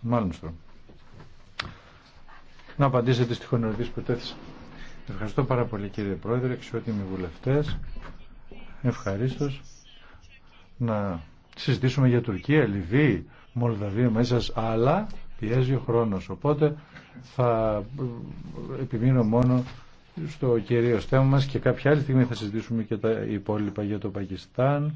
Μάλνστρομ. Να απαντήσετε στις που Ευχαριστώ πάρα πολύ κύριε Πρόεδρε, εξιότιμοι βουλευτές. Ευχαρίστω να συζητήσουμε για Τουρκία, Λιβύη, Μολδαβία μέσα σας, αλλά πιέζει ο χρόνος. Οπότε θα ε, επιμείνω μόνο στο κυρίως θέμα μας και κάποια άλλη στιγμή θα συζητήσουμε και τα υπόλοιπα για το Πακιστάν.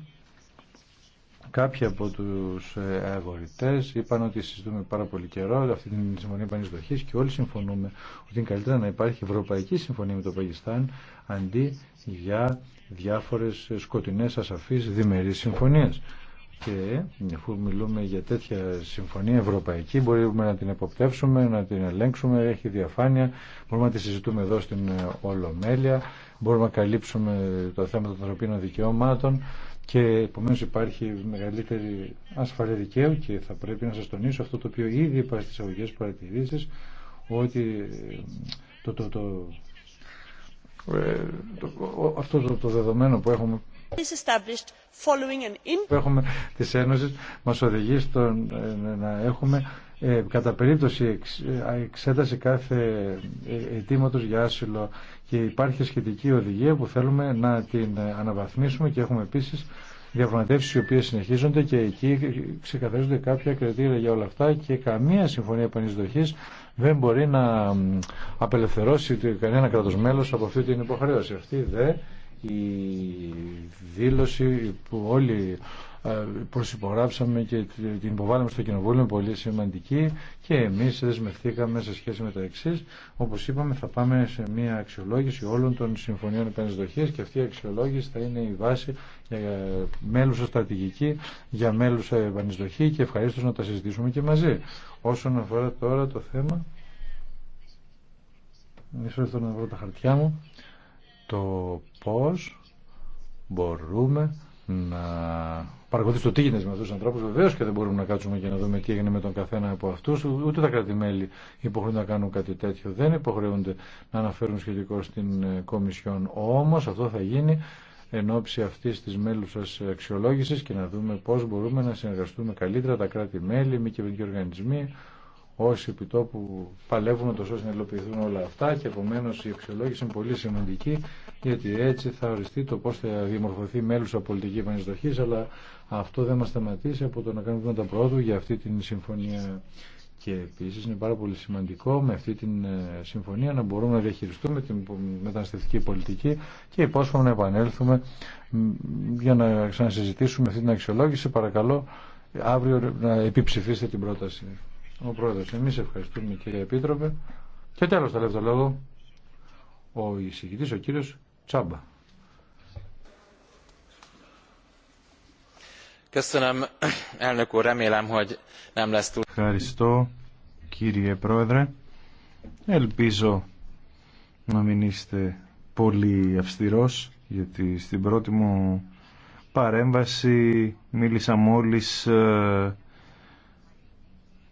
Κάποιοι από τους ε, αγορητές είπαν ότι συζητούμε πάρα πολύ καιρό αυτή την συμφωνία πανεισδοχής και όλοι συμφωνούμε ότι είναι καλύτερα να υπάρχει ευρωπαϊκή συμφωνία με το Πακιστάν αντί για διάφορες σκοτεινές ασαφείς διμερείς συμφωνίες. Και αφού μιλούμε για τέτοια συμφωνία ευρωπαϊκή, μπορούμε να την εποπτεύσουμε, να την ελέγξουμε, έχει διαφάνεια, μπορούμε να τη συζητούμε εδώ στην ε, Ολομέλεια, μπορούμε να καλύψουμε το θέμα των ανθρωπίνων δικαιωμάτων, και επομένω υπάρχει μεγαλύτερη ασφαλή δικαίου και θα πρέπει να σας τονίσω αυτό το οποίο ήδη είπα στις αγωγές παρατηρήσεις ότι ε, το, το, το, ε, το αυτό το, δεδομένο που έχουμε που έχουμε της Ένωσης μας οδηγεί στο ε, να έχουμε ε, κατά περίπτωση ε, εξέταση κάθε ε, αιτήματο για άσυλο και υπάρχει σχετική οδηγία που θέλουμε να την αναβαθμίσουμε και έχουμε επίσης διαπραγματεύσει οι οποίε συνεχίζονται και εκεί ξεκαθαρίζονται κάποια κριτήρια για όλα αυτά και καμία συμφωνία επανεισδοχή δεν μπορεί να απελευθερώσει κανένα κράτο μέλο από αυτή την υποχρέωση. Αυτή η δήλωση που όλοι ε, προσυπογράψαμε και την υποβάλαμε στο Κοινοβούλιο πολύ σημαντική και εμείς δεσμευτήκαμε σε σχέση με τα εξή. Όπως είπαμε θα πάμε σε μια αξιολόγηση όλων των συμφωνιών επανεισδοχής και αυτή η αξιολόγηση θα είναι η βάση για μέλουσα στρατηγική, για μέλουσα επανεισδοχή και ευχαρίστω να τα συζητήσουμε και μαζί. Όσον αφορά τώρα το θέμα... Μισό να βρω τα χαρτιά μου το πώς μπορούμε να παρακολουθήσει το τι γίνεται με αυτού του ανθρώπου. Βεβαίω και δεν μπορούμε να κάτσουμε και να δούμε τι έγινε με τον καθένα από αυτού. Ούτε τα κράτη-μέλη υποχρεούνται να κάνουν κάτι τέτοιο. Δεν υποχρεούνται να αναφέρουν σχετικό στην ε, Κομισιόν. Όμω αυτό θα γίνει εν ώψη αυτή τη μέλου αξιολόγηση και να δούμε πώ μπορούμε να συνεργαστούμε καλύτερα τα κράτη-μέλη, μη κυβερνητικοί οργανισμοί, όσοι επιτόπου παλεύουν τόσο ώστε να υλοποιηθούν όλα αυτά και επομένω η αξιολόγηση είναι πολύ σημαντική γιατί έτσι θα οριστεί το πώς θα διαμορφωθεί από πολιτική επανεισδοχή, αλλά αυτό δεν μας σταματήσει από το να κάνουμε βήματα πρόοδου για αυτή την συμφωνία. Και επίση είναι πάρα πολύ σημαντικό με αυτή την ε, συμφωνία να μπορούμε να διαχειριστούμε την μεταναστευτική πολιτική και υπόσχομαι να επανέλθουμε για να ξανασυζητήσουμε αυτή την αξιολόγηση. Παρακαλώ αύριο να επιψηφίσετε την πρόταση. Ο Πρόεδρος, εμείς ευχαριστούμε κύριε Επίτροπε. Και τέλος θα λέω το λόγο ο εισηγητής, ο κύριος Ευχαριστώ κύριε Πρόεδρε. Ελπίζω να μην είστε πολύ αυστηρός γιατί στην πρώτη μου παρέμβαση μίλησα μόλις ε,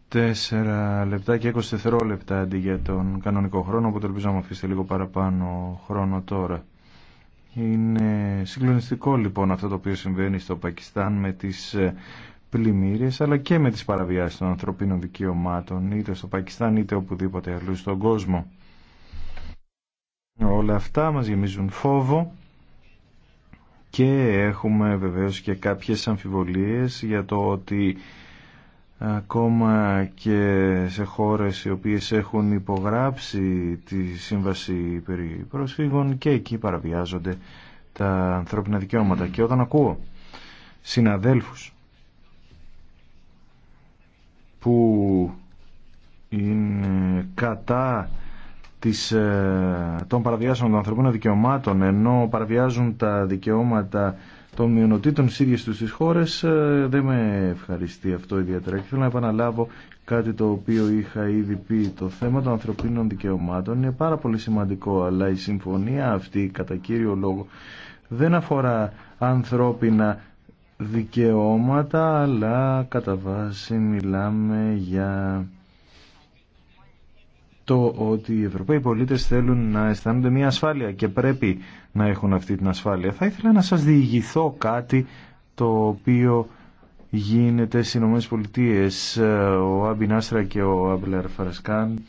τέσσερα λεπτά και 20 δευτερόλεπτα αντί για τον κανονικό χρόνο, οπότε ελπίζω να μου αφήσετε λίγο παραπάνω χρόνο τώρα. Είναι συγκλονιστικό λοιπόν αυτό το οποίο συμβαίνει στο Πακιστάν με τις ε, πλημμύρες αλλά και με τις παραβιάσεις των ανθρωπίνων δικαιωμάτων είτε στο Πακιστάν είτε οπουδήποτε αλλού στον κόσμο. Όλα αυτά μας γεμίζουν φόβο και έχουμε βεβαίως και κάποιες αμφιβολίες για το ότι ακόμα και σε χώρες οι οποίες έχουν υπογράψει τη Σύμβαση περί προσφύγων και εκεί παραβιάζονται τα ανθρώπινα δικαιώματα. Και όταν ακούω συναδέλφους που είναι κατά της, ε, των παραβιάσεων των ανθρωπίνων δικαιωμάτων ενώ παραβιάζουν τα δικαιώματα των μειονοτήτων Σύριες τους στις χώρες ε, δεν με ευχαριστεί αυτό ιδιαίτερα και θέλω να επαναλάβω κάτι το οποίο είχα ήδη πει το θέμα των ανθρωπίνων δικαιωμάτων είναι πάρα πολύ σημαντικό αλλά η συμφωνία αυτή κατά κύριο λόγο δεν αφορά ανθρώπινα δικαιώματα αλλά κατά βάση μιλάμε για το ότι οι Ευρωπαίοι πολίτες θέλουν να αισθάνονται μια ασφάλεια και πρέπει να έχουν αυτή την ασφάλεια. Θα ήθελα να σας διηγηθώ κάτι το οποίο γίνεται στι Ηνωμένε Πολιτείε. Ο Άστρα και ο Αμπλερ Φαρασκάν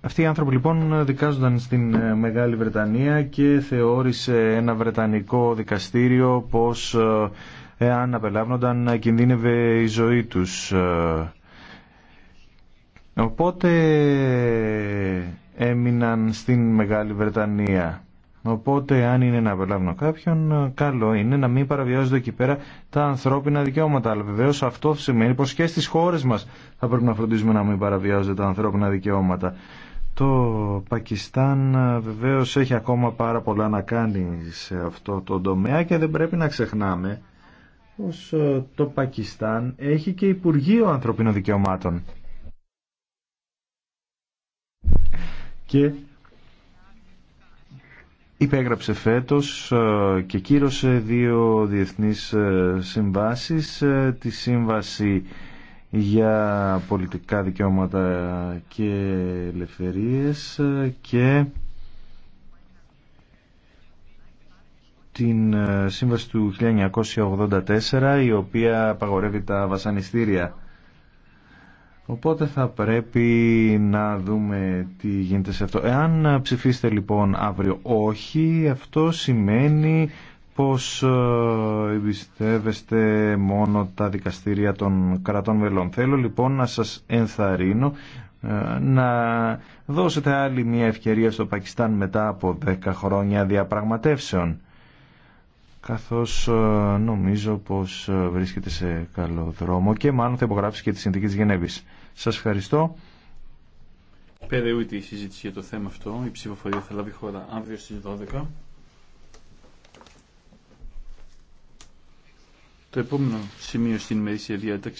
Αυτοί οι άνθρωποι λοιπόν δικάζονταν στην ε, Μεγάλη Βρετανία και θεώρησε ένα βρετανικό δικαστήριο πως ε, εάν απελάβνονταν να κινδύνευε η ζωή τους. Οπότε έμειναν στην Μεγάλη Βρετανία. Οπότε αν είναι να απελάβνω κάποιον, καλό είναι να μην παραβιάζονται εκεί πέρα τα ανθρώπινα δικαιώματα. Αλλά βεβαίω αυτό σημαίνει πως και στις χώρες μας θα πρέπει να φροντίζουμε να μην παραβιάζονται τα ανθρώπινα δικαιώματα. Το Πακιστάν βεβαίως έχει ακόμα πάρα πολλά να κάνει σε αυτό το τομέα και δεν πρέπει να ξεχνάμε πως ε, το Πακιστάν έχει και Υπουργείο Ανθρωπίνων Δικαιωμάτων. Και υπέγραψε φέτος ε, και κύρωσε δύο διεθνείς ε, συμβάσεις, τη Σύμβαση για Πολιτικά Δικαιώματα και Ελευθερίες και την ε, σύμβαση του 1984 η οποία απαγορεύει τα βασανιστήρια. Οπότε θα πρέπει να δούμε τι γίνεται σε αυτό. Εάν ψηφίσετε λοιπόν αύριο όχι, αυτό σημαίνει πως ε, εμπιστεύεστε μόνο τα δικαστήρια των κρατών μελών. Θέλω λοιπόν να σας ενθαρρύνω ε, να δώσετε άλλη μια ευκαιρία στο Πακιστάν μετά από 10 χρόνια διαπραγματεύσεων καθώς ε, νομίζω πως ε, βρίσκεται σε καλό δρόμο και μάλλον θα υπογράψει και τη συνθήκη της Γενέβης. Σας ευχαριστώ. Περαιούτη η συζήτηση για το θέμα αυτό. Η ψηφοφορία θα λάβει χώρα αύριο στις 12. Το επόμενο σημείο στην ημερήσια διάταξη